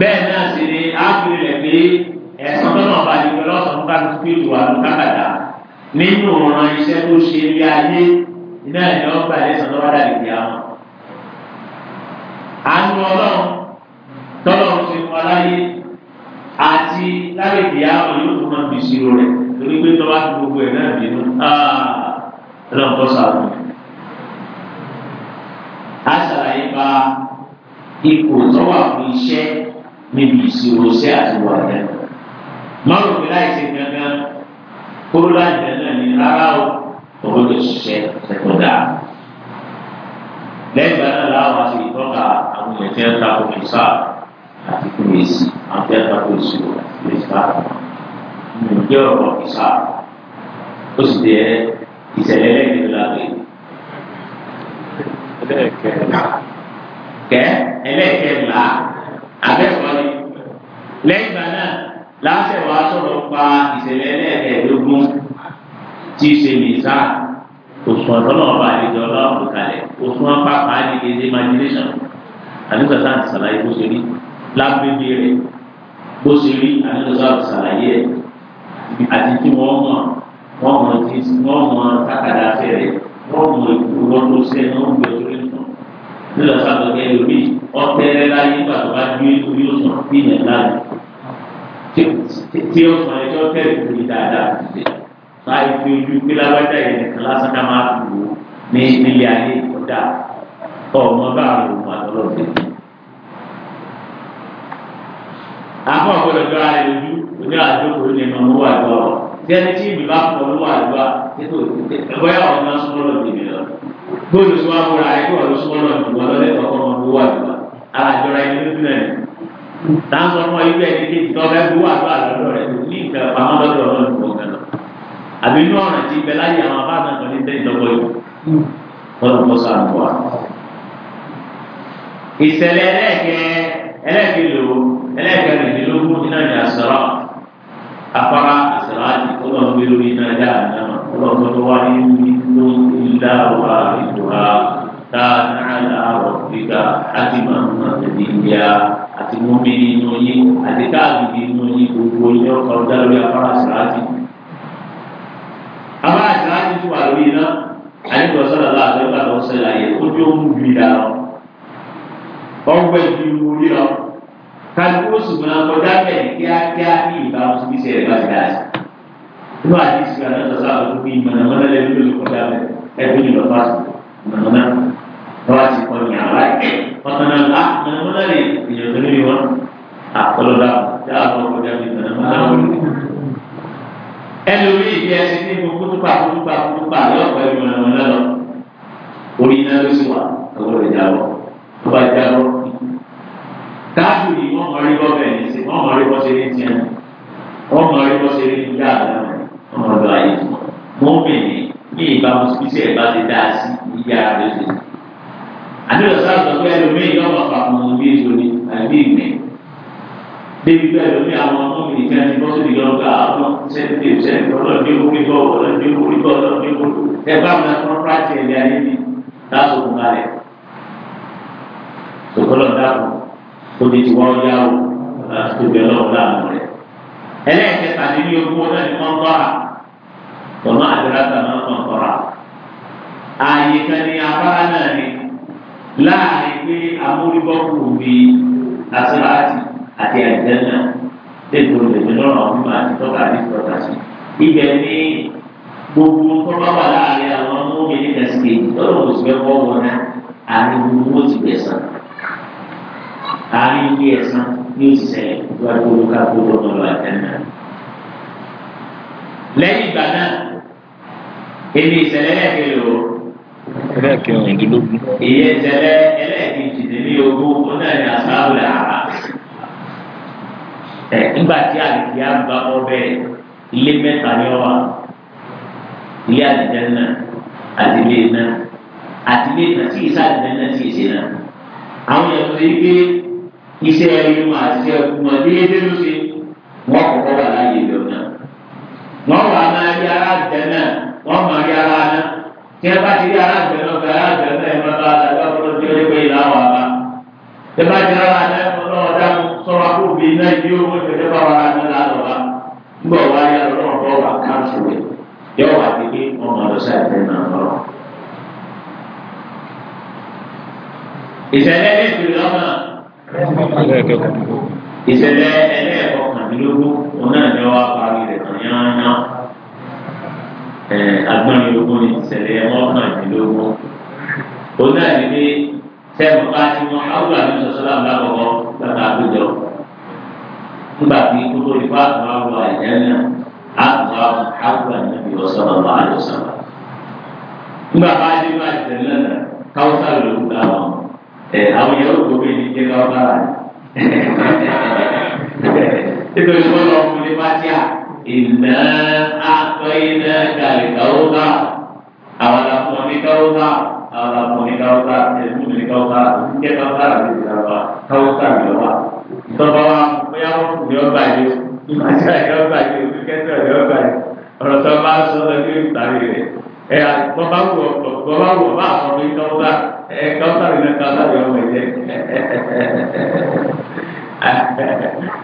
bẹ́ẹ̀ náà sì ni ápìlẹ̀ pé ẹ̀sán tó náà bá di pé lọ́sàn-án bá ti pé ìwà ló kákàdá nínú ọ̀ràn iṣẹ́ tó ṣe ní ayé iná ẹ̀ lọ́ gbà ẹ̀sán tó bá dà lìdí àwọn. àánú ọlọ́run tọ́lọ́run ti mọ aláyé àti lágbègbè àwọn yóò fún wọn bí ìṣirò rẹ̀ torí pé tọ́wá fi gbogbo ẹ̀ náà bínú ọlọ́run tó sàrò. a ṣàlàyé bá ipò tọ́wà fún iṣẹ́ níbi ìṣirò iṣẹ́ àti wàhálà márùn ún láì ṣe gangan kúrò láti dáná ní rárá o owó lè ṣiṣẹ́ ẹ̀kọ́ dáa lẹ́yìn ìgbà náà láwọn àti ìtọ́ka àwọn èèyàn tí wọ́n ta kò fi sáà àti kò lè sí àwọn tí wọ́n ta kò sí o àti lè sáà ní ìjọ ọ̀rọ̀ fi sáà ó sì jẹ́ ìṣẹ̀lẹ̀ lẹ́yìn ìlú lábẹ́ kẹ́ ẹlẹ́kẹ̀ẹ́lá abẹ́sọ̀rọ̀ lẹ́yìn ìgbà náà láṣẹ̀wọ̀ nípa ìṣẹ̀lẹ̀ ẹlẹ́ẹ̀ẹ́dógún tí ṣe mìsà òsùn àtọ́nà ọba àlejò ọlọ́run kalẹ̀ òsùn apápá àdìgẹ́dẹ́ imagination àdìsọ́sá ti sàlàyé bó ṣe rí lábẹ́bí rẹ̀ bó ṣe rí àdìsọ́sá ti sàlàyé ẹ̀ àti tí wọ́n mọ̀ wọ́n mọ̀ tí wọ́n mọ̀ kákàdá fẹ́rẹ̀ wọ́n mọ̀ ìkúrọ́ tó ṣẹ́ wọ́n gbẹ tó lè sùn nílò sábà kẹ́ lómi ọ̀tẹ́rẹ́ láyé gbàgbọ́ bá gbé orí òsùn bí ìyẹn láàyè tí ó sọ ẹjọ́ tẹ̀lé lórí dáadáa fa ìpè ojú pé lágbájá yẹn nìkan lásán ká máa lò ó ní nílé ayé ọ̀dà ọmọ bá a lò wọn àtọ́lọ́dẹ. àbọ̀ ọ̀gbọ́dọ̀ jọ ara rẹ̀ lójú oní àdókòó ní ẹnu owó àjọ ọ̀rọ̀ tí ẹni tí ìbí bá fọ owó àjọ ẹgbẹ́ ọ̀hún náà súnmọ́ lọ bèbè lọ. bóòlù sọ wá múra ẹgbẹ́ táwọn ọmọ yìí bẹ́ẹ̀ ni kéjì tó ọbẹ̀ gbówó àdó àlọ́dọ̀ rẹ̀ ní nǹkan pamọ́ lọ́dọ̀ ọlọ́run kò gan lọ. àbí inú ọ̀ràn ti bẹ láyé àwọn abá náà kan ní sẹ́yìn lọ́wọ́ yìí wọ́n kọ́ sáà lọ́wọ́ àwọn. ìṣẹ̀lẹ̀ ẹlẹ́ẹ̀kẹ́ ẹlẹ́ẹ̀kẹ́lò ẹlẹ́ẹ̀kẹ́rìndínlógún iná ní àṣọrọ̀ afárá àṣọrọ̀ àti ọlọ́run gbé lórí iná dá àdámà ọlọ́run tó wá ní àti mọ́mí nínú yín àti káàdùbí nínú yín gbogbo yín ọkọ̀ ọ̀dá lórí afárá sàlájì. afárá sàlájì tó wà lórí iná àyíkọ̀ sọ̀rọ̀ láàbẹ̀ ìbàdàn ọ̀sẹ̀ láyé ó dé ó mú bí dáa ọgbẹ́ ìdí wo rí lọ kájú ó sì máa kọjá bẹ́ẹ̀ kíákíá ní ìbámu sí iṣẹ́ rẹ̀ bá ti dáa sí. inú àti ìsìn àná sọ̀rọ̀ àwọn olùkọ́ ìmọ̀nàmọ́ná lẹ́nu ló kọjá bẹ́ẹ̀ ẹgbẹ́ ìlọ́fà mọ̀nàmọ́ná wọ́n á ti kọ́ ní àbá yìí wọ́n tán náà á mẹ́rin náà lè èèyàn tó níbi wọn àkọlọ́dà tí a lọ kọjá bí mẹ́rin náà wọ́n. ẹni orí ìdí ẹsẹ̀ ní gbogbo kútùpà kútùpà kútùpà yóò pẹ́ ju mẹ́rin náà lọ orí iná ló sì wà ọgbọ́n rẹ̀ já lọ tó bá já lọ. káàdù yìí wọ́n mọ̀ rí bọ́ọ̀bẹ̀ ní sí wọ́n mọ̀ rí bọ́ ṣe ní tiẹ̀ wọ́n ìbámu sí ìṣẹ̀ ìbá ti sí ìyá rẹ̀ lè àbí ọ̀sán àtọ̀gbẹ́ ẹlòmíì yọ wà papọ̀ mọ́ bí èso ni àbí ìmẹ̀. débi pé ẹlòmíì àwọn ọmọbìnrin kan ti bọ́ sóbi lọ́wọ́ gba àwọn sẹ́ńtì sẹ́ńtì ọlọ́dún orí bọ́ ọlọ́dún orí bọ́ ọlọ́dún orí ẹ bá mi náà fọ́nrán láti ẹ̀lẹ́ ayé mi láti òkun balẹ̀. sọ̀kọ́lọ̀ dàpọ̀ tóbi ti wọ́n yá o láti tóbi ọlọ́run láàmú rẹ̀. ẹlẹ́ẹ̀kẹta ní ní ogún ọdún ní kọ́ńtọ́ra tọ́nà àdúrà tàná kọ́ńtọ́ra. ààyè kan ní afárá náà ní láàrin pé amúribọ́kù bí asíláàtì àti àjẹnà tètò lèmi lọ́rọ̀ ọ̀hún àti tọ́ka àti tọ́ka sí. ibẹ̀ ni gbogbo tó bá wà láàrin àwọn ọmọ mi ní kẹsìkè lọ́rọ̀ oṣù ẹ̀kọ́ wọn náà àárín gbogbo wọn ti gbẹ̀sán àárín ilé ẹ̀sán ní òṣìṣẹ́ ìwà gbogbo ká gbogbo ọmọ àjẹnà. lẹ́yìn ìgbà náà èmi ìṣẹ̀lẹ̀ lẹ́ẹ̀kẹ́ lò ó ẹlẹ́ẹ̀kẹrìndínlógún. ìyẹn tẹ̀lé ẹlẹ́ẹ̀kejìdínlógún ó náà ní àṣàrò àrà. ẹ nígbà tí àlùkìyà bá ọ bẹ́ẹ̀ ilé mẹ́ta ni ọ wà ilé àdìjẹ́ náà àti ilé náà àti ilé náà sí ìsá àdìjẹ́ náà sí ìsẹ́ náà. àwọn èèyàn ti gbé iṣẹ́ ẹ̀yìn àti ẹ̀kú wọn déédéé ló ṣe wọ́n kọ́kọ́ wà láàyè lọ́nà. wọ́n wà máa rí ara àdìjẹ́ náà wọ́n máa rí ara náà tí a bá ti rí aláàgbẹ̀ náà bẹ aláàgbẹ̀ náà ẹ máa bá aláàgbẹ̀ ọ̀pọ̀lọpọ̀ tí ó lé pé ìlà wà bá tí a bá ti rárá ẹ ọlọ́wọ́ dáhùn sọ́ra kó bí iná ibi owó ìfẹ̀dẹ́ bá wà ní lálọ́ bá ńgbọ̀ wá yá lọ́wọ́ bọ́ wà káàtó rẹ̀ yọ parí rẹ̀ kàn yán yán agbọ́nilógún ni ìṣẹ̀lẹ̀ mọ́kànlélógún. ó náà ní pé sẹ́mu bá ti mọ àwọn àmì sọ̀sọ́lá ń bá kọ́kọ́ lọ́nà àgbéjọ. nígbà tí kókó ní bá àwọn àwọn àìjẹ́ náà á kó àwọn àwọn àmì ìwọ̀sọ̀rọ̀ bá a lọ sọ̀rọ̀. nígbà bá dé bá ìṣẹ̀lẹ̀ náà káwọ́ sáré ló gbà wọn. àwọn yẹn ó gbóbi ní jẹ́ káwọ́ bá rà. <laughs> nítorí wọ́n ní ìnà àpẹẹrẹ kàlíkàwọ́ká àwọn àpọ̀ níkàwọ́ká àwọn àpọ̀ níkàwọ́ká ẹ̀dùn níkàwọ́ká òṣìṣẹ́ kàwọ́ká àti ìjàmbá kàwọ́ká ìjọba. tọ́ba wa bóyá wọ́n apa ní ọgbà yìí ìmọ̀já ní ọgbà yìí òṣìṣẹ́ ní ọgbà yìí ọ̀rọ̀ tó bá sọ lọ sí ìtàrí rẹ̀ ẹ̀ bọ́bá wù ọ́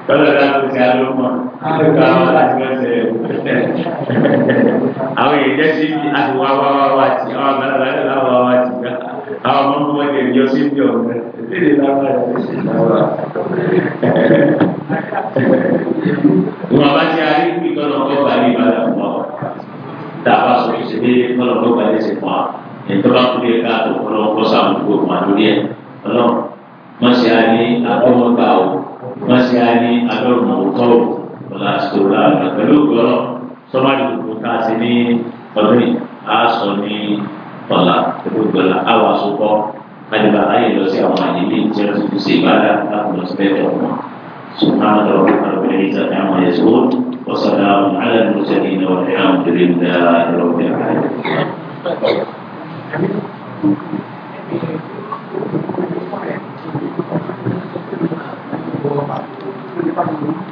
kọ́lọ̀ láti ṣe alómọ̀ nípa àwọn láti wọ́n ṣe àwọn wá wá wá wá ti àwọn àgbàlagbà náà láwọ̀ wá wá ti gbà àwọn ọmọ ọmọ ọdẹ ní ọsẹ ní ọgbẹ ìdílé láwọn ṣe láwà. ìwọ̀n bá ti arí bí kọ́lọ̀ kọ́ba ní ìbàdàn fún ọ dábà sọ ìṣẹ̀lẹ̀ kọ́lọ̀ kọ́ba ní ìṣẹ̀fọ́n ẹ̀ńtọ́ bá kúrẹ́ káàtó kọ́lọ̀ kọ́sà àmúgbò màdúrí ẹ̀ ọlọ́run. Masih adorno tahu mau tahu Masih sura na mau tahu? Belas gbogbo tá a ti ní ọdún yìí asoni, pola, ní ọlà pẹ̀lú gbọlá àwọn asopọ àdìbà ayé lọ sí àwọn àyèlé tí a ti ṣe ìbára láti lọ sí bẹ́ẹ̀ tọmọ سبحان ربك رب العزة عما يصفون وسلام Gracias.